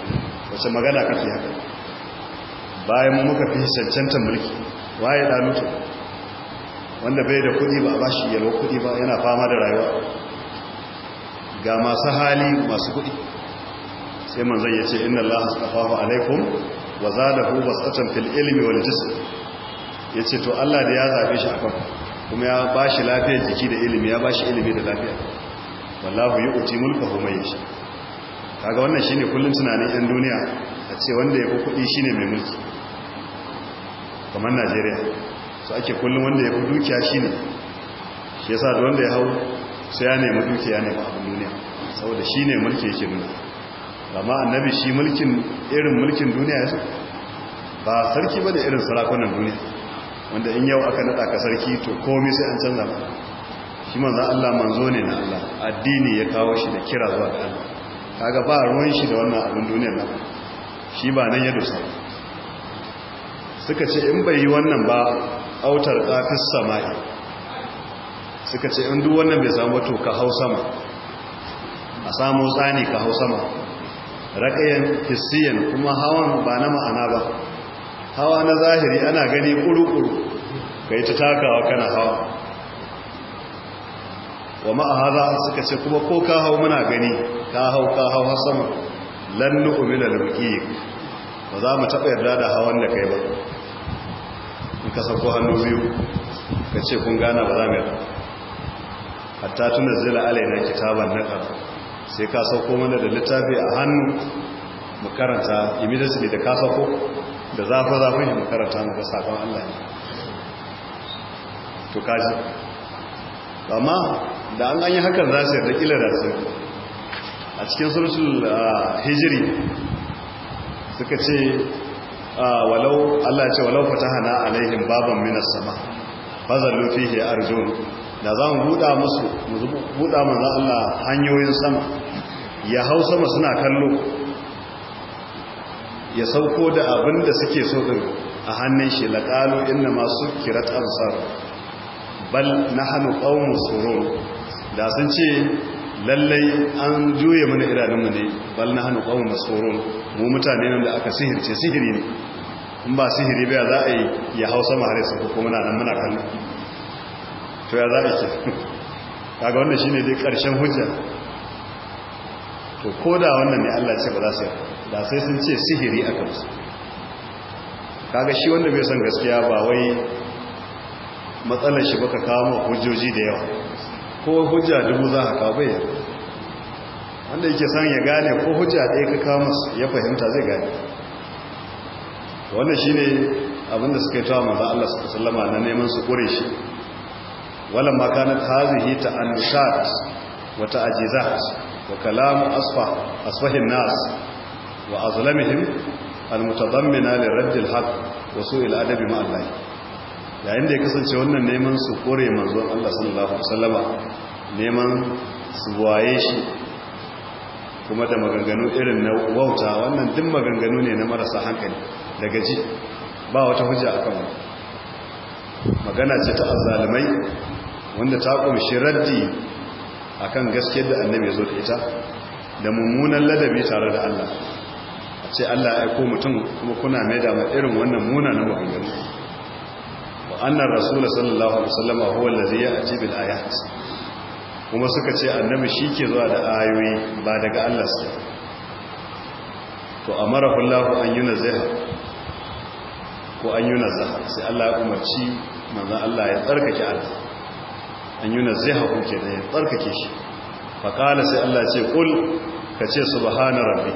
wacce magana kafi haka bayan mu muka fi cancanta mulki ya ɗalute wanda bai da kuɗi ba a bashi yalwa kuɗi ba yana fama da rayuwa ga masu hali masu kuɗi sai manzan ya ce inna Allah astafahu alaikum wa za da su basatan fil wani jis ya ce to Allah da ya zabe shi a kuma ya ba shi lafiyar jiki da ilimi ya ba shi ilimi da lafiya wallahu yu'ti mulkahu man yasha kaga wannan shine kullun tunanin yan duniya a ce wanda ya fi kuɗi shine mai mulki kamar Najeriya su ake kullun wanda ya fi dukiya shine shi yasa da wanda ya hau sai ya nemi dukiya ne ba abin duniya saboda shine mulki yake nuna amma annabi shi mulkin irin mulkin duniya yasa ba sarki ba da irin sarakunan duniya wanda in yau aka nada ka sarki to komai sai an canza shi za Allah manzo ne na Allah addini ya kawo shi da kira zuwa ga Allah kaga ba ruwan shi da wannan abin duniyar nan shi ba nan ya dusa suka ce in bai yi wannan ba autar qafis samai suka ce in duk wannan bai samu to ka hau sama a samu tsani ka hau sama raƙayen hissiyan kuma hawan ba na ma'ana ba hawa na zahiri ana gani kuru-kuru ka yi ta takawa kana hawa wa ma'ahaza suka ce kuma ko ka hau muna gani ka hau ka hau har sama lan nu'mina lil ba za mu taɓa yarda da hawan da kai ba in ka sauko hannu biyu ka ce kun gana ba za mu yarda hatta tuna zila alaina kitaban na sai ka sauko mana da littafi a hannu mu karanta immediately da ka sauko da zafi zafi mu karanta mu ga sakon Allah ne to kaji amma da an an yi hakan za su yarda kila da su a cikin surutul ah, hijiri suka ce ah, walau Allah ce walau hana alaihin baban minas sama lufi fihi arjun da za mu buɗa musu mu buɗa Allah hanyoyin sama ya hau sama suna kallo ya sauko da abin da suke so din a hannun shi laqalu inna masu kirat amsar bal na hannu qaumun tsoron da sun ce lallai an juye mana idanunmu ne bal na hannu ƙwamu masoron mu mutane nan da aka sihirce sihiri ne in ba sihiri ba za a yi ya hau sama har yasa ko muna nan muna kallon to ya za a ke kaga wannan shine dai karshen hujja to ko da wannan ne Allah ce ba za su yi da sai sun ce sihiri aka musu kaga shi wanda bai san gaskiya ba wai matsalar shi baka kawo hujjoji da yawa ko hujja dubu za a kawo bai wanda yake son ya gane ko hujja ɗaya ka kawo masu ya fahimta zai gane wannan shi ne abinda suka yi tawa maza Allah su sallama na neman su ƙure shi wala makana tazihi ta'annushat wa ta'jizat wa kalamu asfa asfahin nas wa azlamihim almutadammina liradd alhaq wa su'il adabi ma'a Allah yayin da ya kasance wannan neman su kore manzon Allah sallallahu alaihi wasallama neman su waye shi kuma da maganganu irin na wauta wannan duk maganganu ne na marasa hankali daga ji ba wata hujja akan wani magana ce ta azzalumai wanda ta kunshi raddi akan gaskiyar da annabi ya zo da ita da mummunan ladabi tare da Allah ce Allah ya aiko mutum kuma kuna mai da irin wannan munanan maganganu annar rasul sallallahu alaihi wasallam huwa allazi ya'ti bil ayat kuma suka ce annabi shi ke zuwa da ayoyi ba daga Allah sai to amarahu Allah an yunazzaha ko an yunazzaha sai Allah ya umarci manzo Allah ya tsarkake Allah an yunazzaha ko ke da ya tsarkake shi fa qala sai Allah ce kul kace subhana rabbi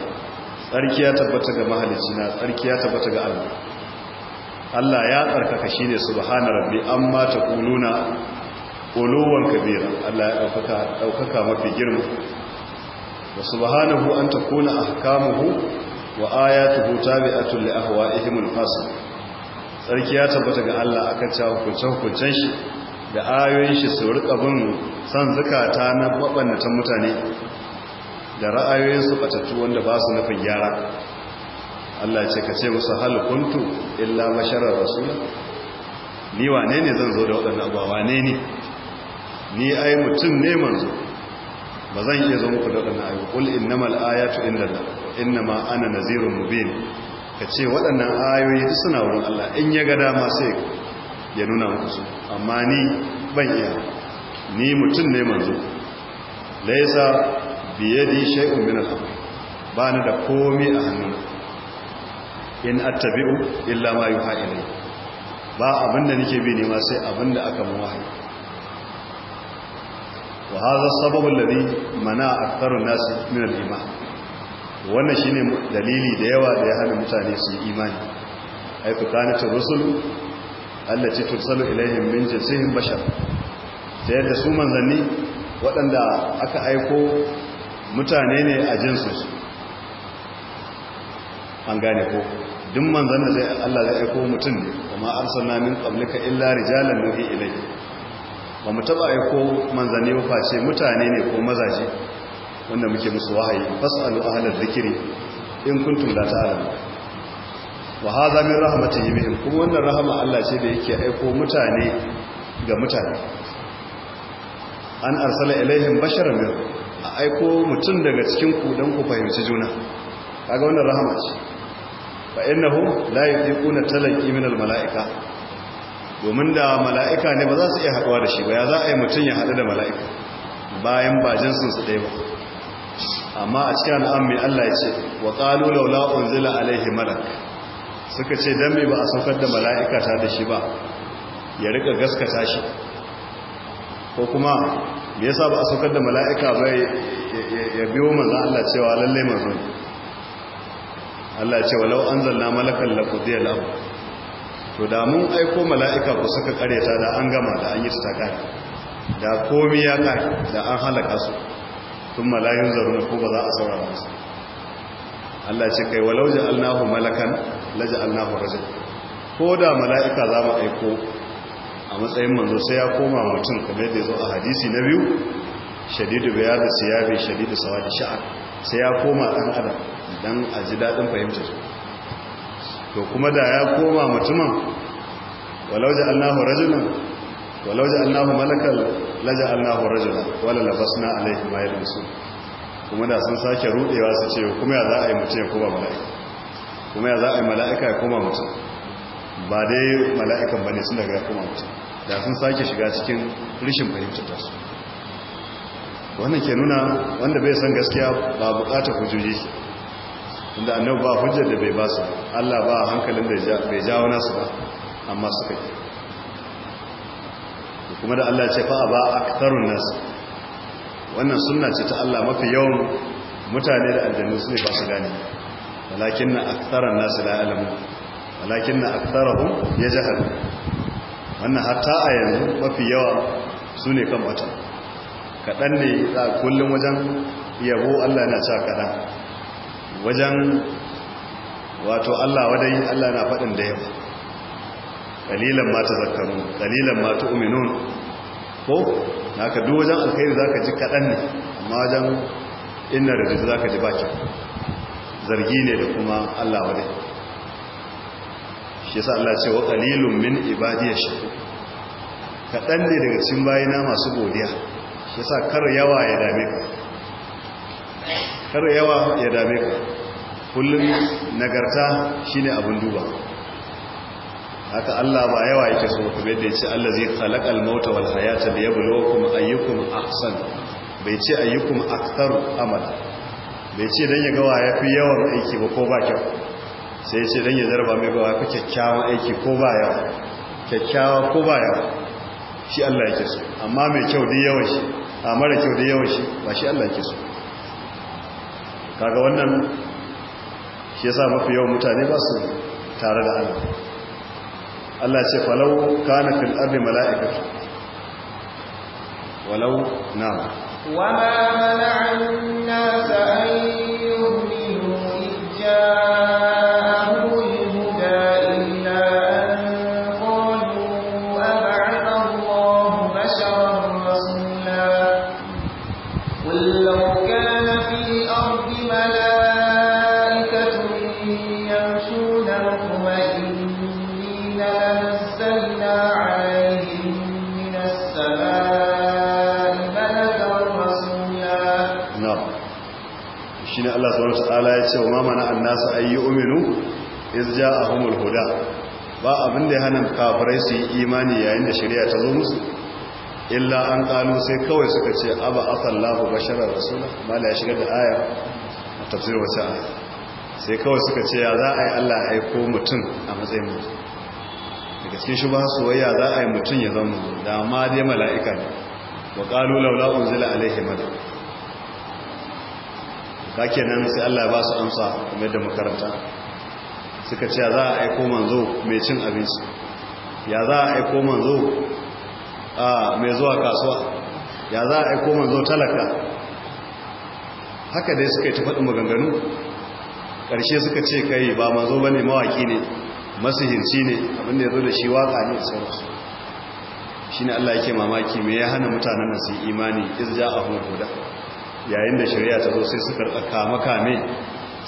tsarki ya tabbata ga mahalicci na tsarki ya tabbata ga Allah Allah ya tsarkaka shi ne subhana rabbi amma ta kuluna uluwan kabira Allah ya ɗaukaka mafi girma wa subhanahu an ta kuna ahkamuhu wa ayatuhu tabi'atun li ahwa'ihim al-fasl sarki ya tabbata ga Allah akan cewa hukuncen hukuncen shi da ayoyin shi su rika bin san zakata na mabannatan mutane da ra'ayoyin su batatu wanda ba su nufin gyara Allah ce ka ce musu hal kuntu illa basharar rasul ni wane ne zan zo da waɗannan ba wane ne ni ai mutum ne manzo ba zan iya zo muku da waɗannan ayu kul innamal ayatu indallah innama ana nazirun mubin ka ce waɗannan ayoyi suna wurin Allah in ya ga dama sai ya nuna muku su amma ni ban iya ni mutum ne manzo laysa biyadi shay'un min al-amr ba ni da komai a hannuna in attabi'u illa ma yuha ilai ba abinda nake bi ne ma sai abinda aka mu wahayi wa hadha sababu alladhi mana aktharu an-nas min al-iman wannan shine dalili da yawa da ya hana mutane su imani ai fa kana ta allati tursalu ilaihim min jinsihim bashar sai da su manzanni waɗanda aka aiko mutane ne a jinsu an gane ko duk manzon da zai Allah zai aiko mutum ne kuma arsalna min qablika illa rijalan nuhi ilayhi ba mu taba aiko manzanni ba face mutane ne ko mazaje wanda muke musu wahayi fasalu ahlal zikri in kuntum la ta'lamun wa hadha min rahmatihi bihim kuma wannan rahama Allah ce da yake aiko mutane ga mutane an arsala ilaihim basharan min aiko mutum daga cikin ku dan ku fahimci juna kaga wannan rahama ce fa innahu la yutiquna talaqi min al mala'ika domin da mala'ika ne ba za su iya haduwa da shi ba ya za a yi mutum ya hadu da mala'ika bayan ba sun su dai ba amma a cikin al'ammi Allah ya ce wa qalu laula unzila alaihi malak suka ce dan me ba a saukar da mala'ika ta da shi ba ya rika gaskata shi ko kuma me yasa ba a saukar da mala'ika bai ya biyo manzo Allah cewa lalle manzo Allah ya ce walau anzalna malakan la qudiya al to da mun aiko mala'ika ku suka kareta da an gama da an yi stakar da komai ya kai da an halaka su tun malayun zaruna ko ba za a saurara su Allah ce kai walau ja'alnahu malakan la ja'alnahu rajul ko da mala'ika za mu aiko a matsayin manzo sai ya koma mutum kamar da ya zo a hadisi na biyu shadidu bayadu siyabi shadidu sawadi sha'a sai ya koma ɗan adam don a ji daɗin fahimtar su to kuma da ya koma mutumin walau allahu rajulan walau ja'alnahu malakan allahu ja'alnahu rajulan wala na alaihi ma su kuma da sun sake rudewa su ce kuma ya za a yi mutum ya koma mala'ika kuma ya za a yi mala'ika ya koma mutum ba dai mala'ikan bane sun daga ya koma mutum da sun sake shiga cikin rishin fahimtar su wannan ke nuna wanda bai san gaskiya ba bukatar hujjoji inda annabi ba hujjar da bai ba su Allah ba hankalin da bai jawo nasu ba amma suka yi kuma da Allah ce fa ba aktharun nas wannan sunna ce ta Allah mafi yawan mutane da aljannu su ne ba su gane na aktharun nas la ya'lamu walakinna aktharuhum yajhal wannan hatta a yanzu mafi yawa su ne kan wata kaɗan ne a kullum wajen yabo Allah na cewa kaɗan wajen wato Allah wadai Allah na faɗin da yawa ƙalilan ma ta zakaru ƙalilan ma ta uminun ko na ka duk wajen alkhairi za ka ji kaɗan ne amma wajen inna da za ka ji baki zargi ne da kuma Allah wadai shi yasa Allah ce wa ƙalilun min ibadiyar shi kaɗan ne daga cikin bayina masu godiya shi sa kar yawa ya dame ka kar yawa ya dame ka kullum nagarta shine abin duba haka Allah ba yawa yake so kuma yadda ya ce Allah zai al mauta wal hayata kuma ayyukum ahsan bai ce ayyukum akthar amal bai ce dan ya ga wa yafi yawan aiki ba ko ba kyau sai ya ce dan ya zarba mai gawa ku kyakkyawan aiki ko ba yawa kyakkyawa ko ba yawa shi Allah yake so amma mai kyau dai yawan shi a mara kyau da yawan shi ba shi Allah ke so kaga wannan shi yasa mafi yawan mutane ba su tare da Allah Allah ce falau kana fil ardi mala'ikatu walau na wa ma mana'an nas an ya ce wa mamana annasu yi uminu iz humul huda ba abin da ya hannun kafirai su yi imani yayin da shari'a ta zo musu illa an kalu sai kawai suka ce aba afallahu basharar rasula da ya shigar da aya a tafsir wata aya sai kawai suka ce ya za a yi Allah ya aiko mutum a matsayin mutum daga cikin shi ba soyayya za a yi mutum ya zama da ma dai mala'ika ne wa kalu laula unzila alaihi malak ka nan sai Allah ya ba su amsa kamar yadda makaranta suka ce ya za a aiko manzo mai cin abinci ya za a aiko manzo a mai zuwa kasuwa ya za a aiko manzo talaka haka dai suka yi ta maganganu ƙarshe suka ce kai ba manzo ba ne mawaƙi ne masihinci ne abinda ya zo da shi waƙa ne sauransu shi ne Allah yake mamaki mai ya hana mutanen nasu imani izja a hukuda yayin da shari'a ta zo sai su karɓa kame-kame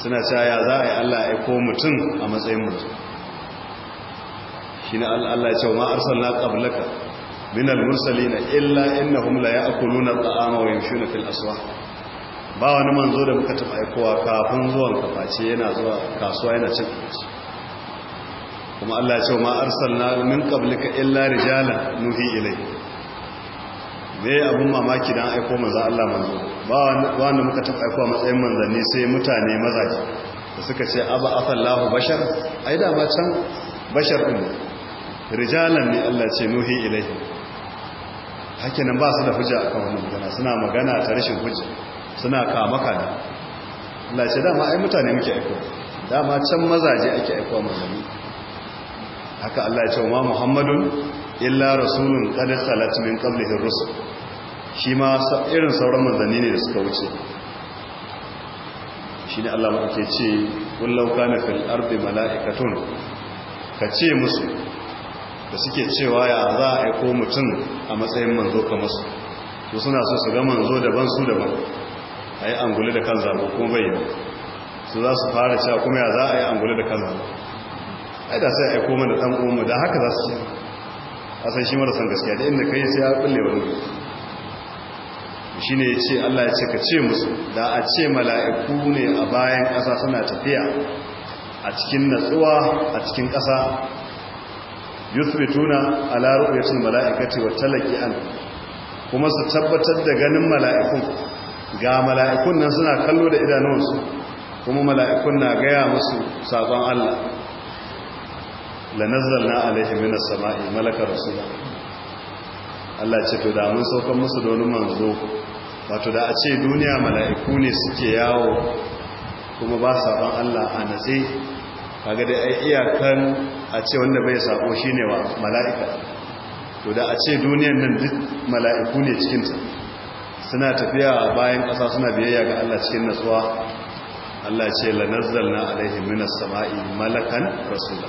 suna caya za a yi allah ya ko mutum a matsayin mutum shi na allah ya ce ma arsal na ƙablaka min al-mursali na illa inna humla ya aku nuna ƙa'ama wa yamshuna na filaswa ba wani manzo da muka taɓa aikowa kafin zuwan kafaci yana zuwa kasuwa yana cin abinci kuma Allah ya ce ma na min ƙablaka illa rijalan nuhi ilai. me abun mamaki dan aiko manzo Allah manzo ba wanda muka taɓa aiko a matsayin manzanni sai mutane mazaji da suka ce aba afallahu bashar ai da ba can bashar din rijalan ne Allah ce nuhi ilaihi hakinan ba su da hujja akan wannan magana suna magana ta rashin hujja suna kamaka ne Allah ce dama ai mutane muke aiko dama can mazaje ake aiko manzanni haka Allah ya ce wa Muhammadun illa rasulun qad khalat min qablihi rusul shi ma irin sauran manzanni ne da suka wuce shi ne Allah maɗauke ce ƙullauka na fil ardi mala'ikatun ka ce musu da suke cewa ya za a aiko mutum a matsayin manzo ka masu su suna so su ga manzo daban su daban a yi anguli da kan zaɓo kuma bai yi. su za su fara cewa kuma ya za a yi anguli da kan zaɓo ai da sai aiko mana ɗan umu da haka za su ce a sai shi marasan gaskiya da inda kai sai ya ƙulle wani shi ne ce Allah ya ce ka ce musu da a ce mala'iku ne a bayan ƙasa suna tafiya a cikin natsuwa a cikin ƙasa yusbituna ya ru'yatil mala'ikati wa talaki an kuma su tabbatar da ganin mala'ikun ga mala'ikun nan suna kallo da idanunsu kuma mala'ikun na gaya musu sabon Allah la nazzalna alaihim minas sama'i malaka rasulullah Allah ce to da mun saukan musu da wani manzo wato da a ce duniya mala'iku ne suke yawo kuma ba saban Allah a natsi kaga da ai iyakan a ce wanda bai sako shine wa mala'ika to da a ce duniyan nan duk mala'iku ne cikin ta suna tafiya bayan ƙasa suna biyayya ga Allah cikin natsuwa Allah ce lanazzalna alaihim minas sama'i malakan rasula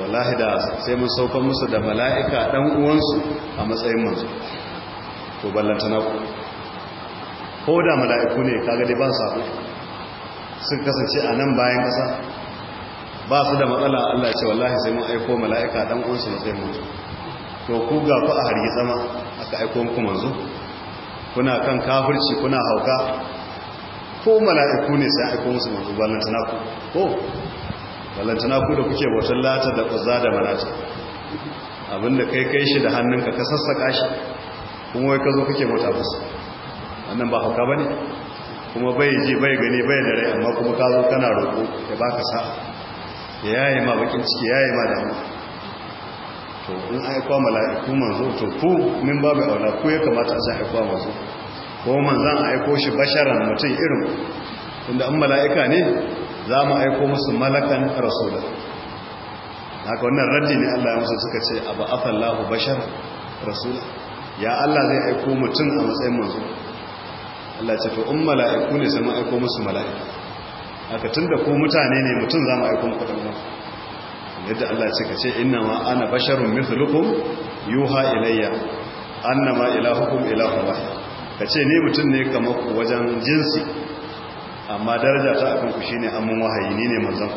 wallahi da sai mun saukan musu da mala'ika ɗan uwansu a matsayin manzo to ballanta na ku ko da mala'iku ne kaga dai ba sabo sun kasance a nan bayan kasa? ba su da matsala Allah ce wallahi sai mun aiko mala'ika ɗan uwansu matsayin manzo to ku ga ku a harge tsama aka aiko muku manzo kuna kan kafirci kuna hauka ko mala'iku ne sai aiko musu manzo ballanta na ku ko balantana ku da kuke bautar lata da uzza da manata abinda kai kai shi da hannunka ka sassaka shi kuma wai ka zo kuke bauta musu wannan ba hauka bane kuma bai ji bai gani bai da rai amma kuma ka zo kana roƙo ya baka sa ya yaye ma bakin ciki yaye ma da to in aikwa mala'iku manzo to ku min ba babu aula ku ya kamata a san aikwa manzo ko manzan aiko shi basharan mutum irin inda an mala'ika ne za mu aiko musu malakan rasula haka wannan raddi ne Allah ya musu suka ce abu afallahu bashar rasula ya Allah zai aiko mutum a matsayin manzo Allah ce to in mala'iku ne sai mu aiko musu mala'ika haka tunda ko mutane ne mutum za mu aiko muku dan yadda Allah ce ka ce inna ma ana basharun mithlukum yuha ilayya annama ilahukum ilahu wahid ka ce ni mutum ne kamar wajen jinsi amma daraja ta akan ku shine amun wahayi ni ne manzon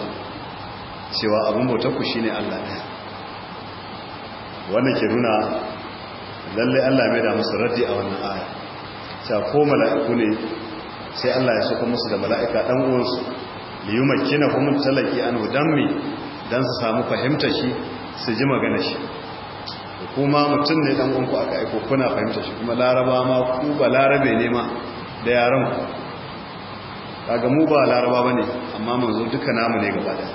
ku cewa abun bautar ku shine Allah ne wannan ke nuna lalle Allah mai da musu raddi a wannan aya cewa ko mala'iku ne sai Allah ya soka musu da mala'ika dan uwansu liyumakkina hum talaqi an dammi dan su samu fahimta shi su ji magana shi kuma mutum ne dan ku aka aiko kuna fahimta shi kuma laraba ma ku ba larabe ne ma da yaran ku kaga mu ba laraba bane amma manzo duka namu ne gaba daya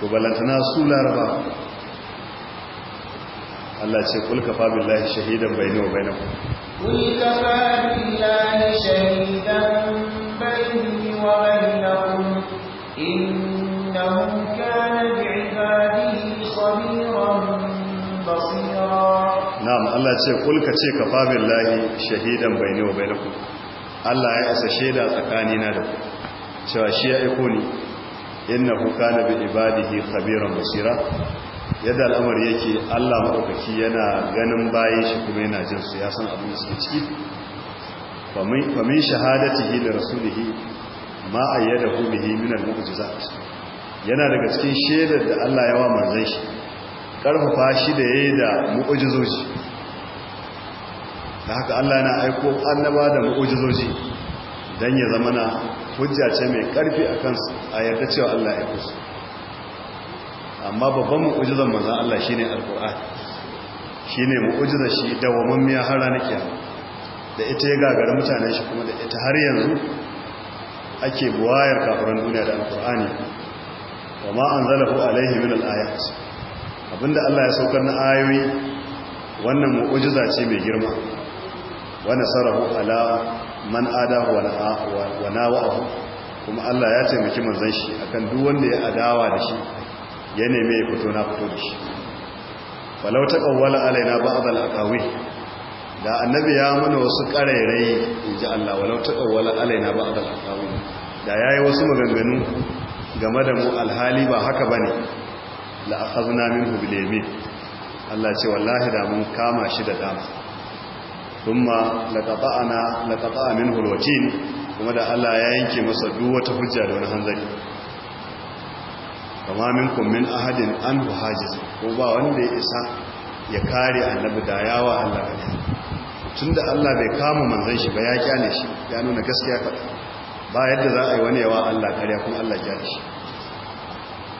to balantana su laraba Allah ce kul kafa billahi shahidan bayni wa bainakum kul kafa billahi shahidan bayni wa bainakum innahu kana bi'ibadihi khabiran basira na'am Allah ce kul ka ce kafa billahi shahidan bayni wa bainakum Allah ya isa shaida tsakanina da ku cewa shi ya aiko ni innahu kana bi ibadihi khabiran basira yadda al'amari yake Allah madaukaki yana ganin bayan shi kuma yana jin su ya san abin da suke ciki fa mai shahadatihi da rasulihi ma ayyadahu bihi min al-mu'jizat yana daga cikin shaidar da Allah ya wa manzon shi karfafa shi da yayi da mu'jizoji da haka Allah yana aiko annaba da mu'jizoji dan ya zama na. hujja ce mai karfi a kansu a yarda cewa Allah ya kusa amma babban mu'ujizan manzan Allah shi ne alkur'ani shi ne mu'ujizan shi miya har ranar da ita ya gagara mutane shi kuma da ita har yanzu ake buwayar kafuran duniya da alkur'ani wa ma an zalahu alaihi min al'ayat abinda Allah ya saukar na ayoyi wannan mu'ujiza ce mai girma wani nasarahu ala man adahu wa nawahu kuma Allah ya taimaki manzon shi akan duk wanda ya adawa da shi ya neme ya fito na fito da shi falau taqawwala alaina ba'd al-aqawi da annabi ya mana wasu karairai inji Allah walau taqawwala alaina ba'd al-aqawi da yayi wasu maganganu game da mu alhali ba haka bane la akhadna minhu bil yamin Allah ce wallahi da mun kama shi da dama thumma laqata'ana laqata'a minhu alwatin kuma da Allah ya yanke masa duk wata hujja da wani hanzari kama minkum min ahadin an hajiz ko ba wanda ya isa ya kare annabi da yawa Allah kare tunda Allah bai kama manzon shi ba ya kyale shi ya nuna gaskiya fa ba yadda za a yi wani yawa Allah kare kuma Allah ya kyale shi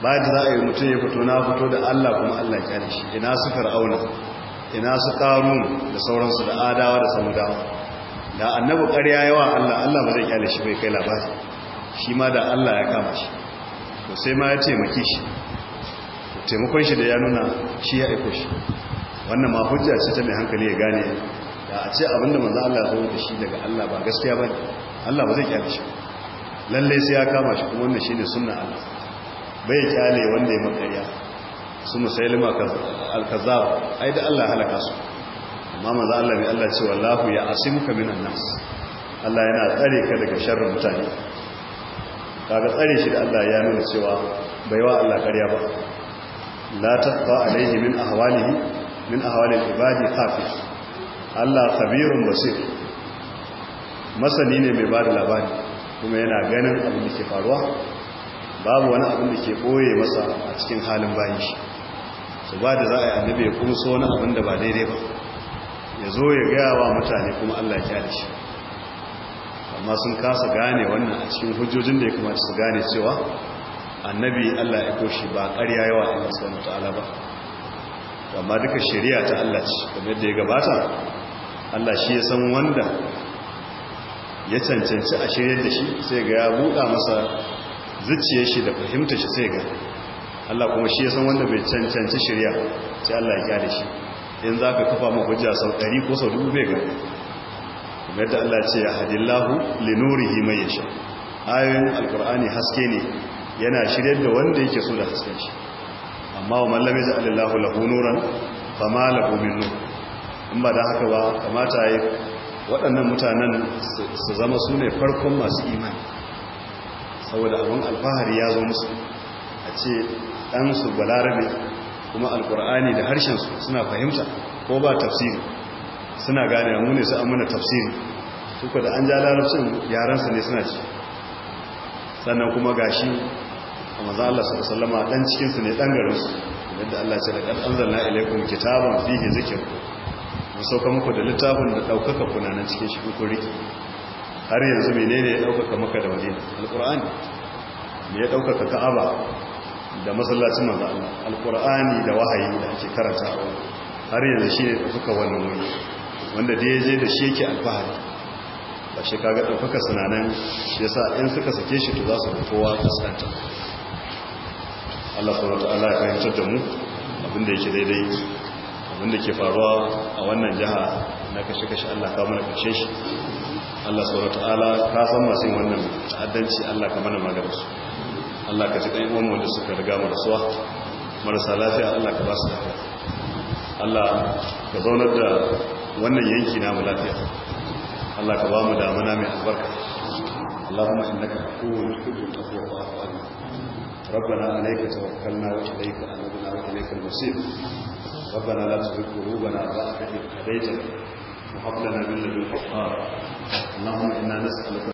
ba yadda za a yi mutum ya fito na fito da Allah kuma Allah ya kyale shi ina su auna ina su karu da sauransu da adawa da samudawa da annabu ƙarya yawa Allah Allah ba zai kyale shi bai kai labari shi ma da Allah ya kama shi to sai ma ya taimaki shi taimakon shi da ya nuna shi ya aiko shi wannan ma hujja ce ta mai hankali ya gane da a ce abinda manzo Allah ya zo da shi daga Allah ba gaskiya ba Allah ba zai kyale shi lalle sai ya kama shi kuma wannan shine sunna Allah bai kyale wanda ya makariya su musaylima al-kazzab ai da Allah halaka su amma manzo Allah ne Allah cewa lahu ya asimuka min annas Allah yana tsare ka daga sharrin mutane kaga tsare shi da Allah ya nuna cewa bai wa Allah kariya ba la taqwa alaihi min ahwalihi min ahwalil ibadi khafi Allah khabirun basir masani ne mai bada labari kuma yana ganin abin da ke faruwa babu wani abin da ke ɓoye masa a cikin halin bayan shi su ba da za a yi annabi ya kuma so wani abin da ba daidai ba ya zo ya gaya wa mutane kuma allah ya da shi amma sun kasa gane wannan a cikin hujjojin da ya kamata su gane cewa annabi allah ya koshi ba karya yawa allah subhanahu ta'ala ba amma duka shari'a ta allah ce kuma yadda ya gabata allah shi ya san wanda ya cancanci a shirya da shi sai ga ya buɗa masa zuciyar shi da fahimta shi sai ga Allah kuma shi ya san wanda bai cancanci shirya sai Allah ya da shi in za ka kafa ma hujja sau ɗari ko sau dubu bai gani kuma yadda Allah ce ya hadillahu linurihi mai yasha ayoyin alkur'ani haske ne yana shiryar da wanda yake so da hasken shi amma wa mallame ji alillahu lahu nuran fa lahu min nur in ba da haka ba kamata yi waɗannan mutanen su zama su ne farkon masu imani saboda abin alfahari ya zo musu ce ɗansu balarabe kuma alkur'ani da harshensu suna fahimta ko ba tafsiri suna gane mu ne su amina tafsiri suka da an ja larabcin yaransa ne suna ci sannan kuma gashi a maza Allah su sallama ɗan cikinsu ne ɗan garinsu yadda Allah ce da ƙar an zanna ilaikun kitaban fiye zikin mu sauka muku da littafin da ɗaukaka kunanan cikin shi kuku riki har yanzu menene ya ɗaukaka maka da madina alƙur'ani ne ya ɗaukaka ka'aba da masallacin manzo Allah alqur'ani da wahayi da ake karanta a har yanzu shi ne suka wannan wuri wanda da ya je da shi yake alfahari ba shi kaga ɗaukaka sinanan shi yasa in suka sake shi to za su kowa fuskanta Allah subhanahu ta'ala ya fahimtar da mu abinda yake daidai abinda ke faruwa a wannan jiha na kashe kashe Allah ka mana kashe shi Allah subhanahu ta'ala ka san masu yin wannan ta'addanci Allah ka mana maganar su Allah ka ji ɗan uwan wanda suka riga mu rasuwa marasa lafiya Allah ka ba su lafiya Allah ka zaunar da wannan yanki namu lafiya Allah ka ba mu damuna mai albarka اللهم انك عفو تحب العفو فاعف عنا ربنا عليك توكلنا واليك انبنا واليك المصير ربنا لا تزغ قلوبنا بعد إذ هديتنا وهب لنا من لدنك اللهم انا نسالك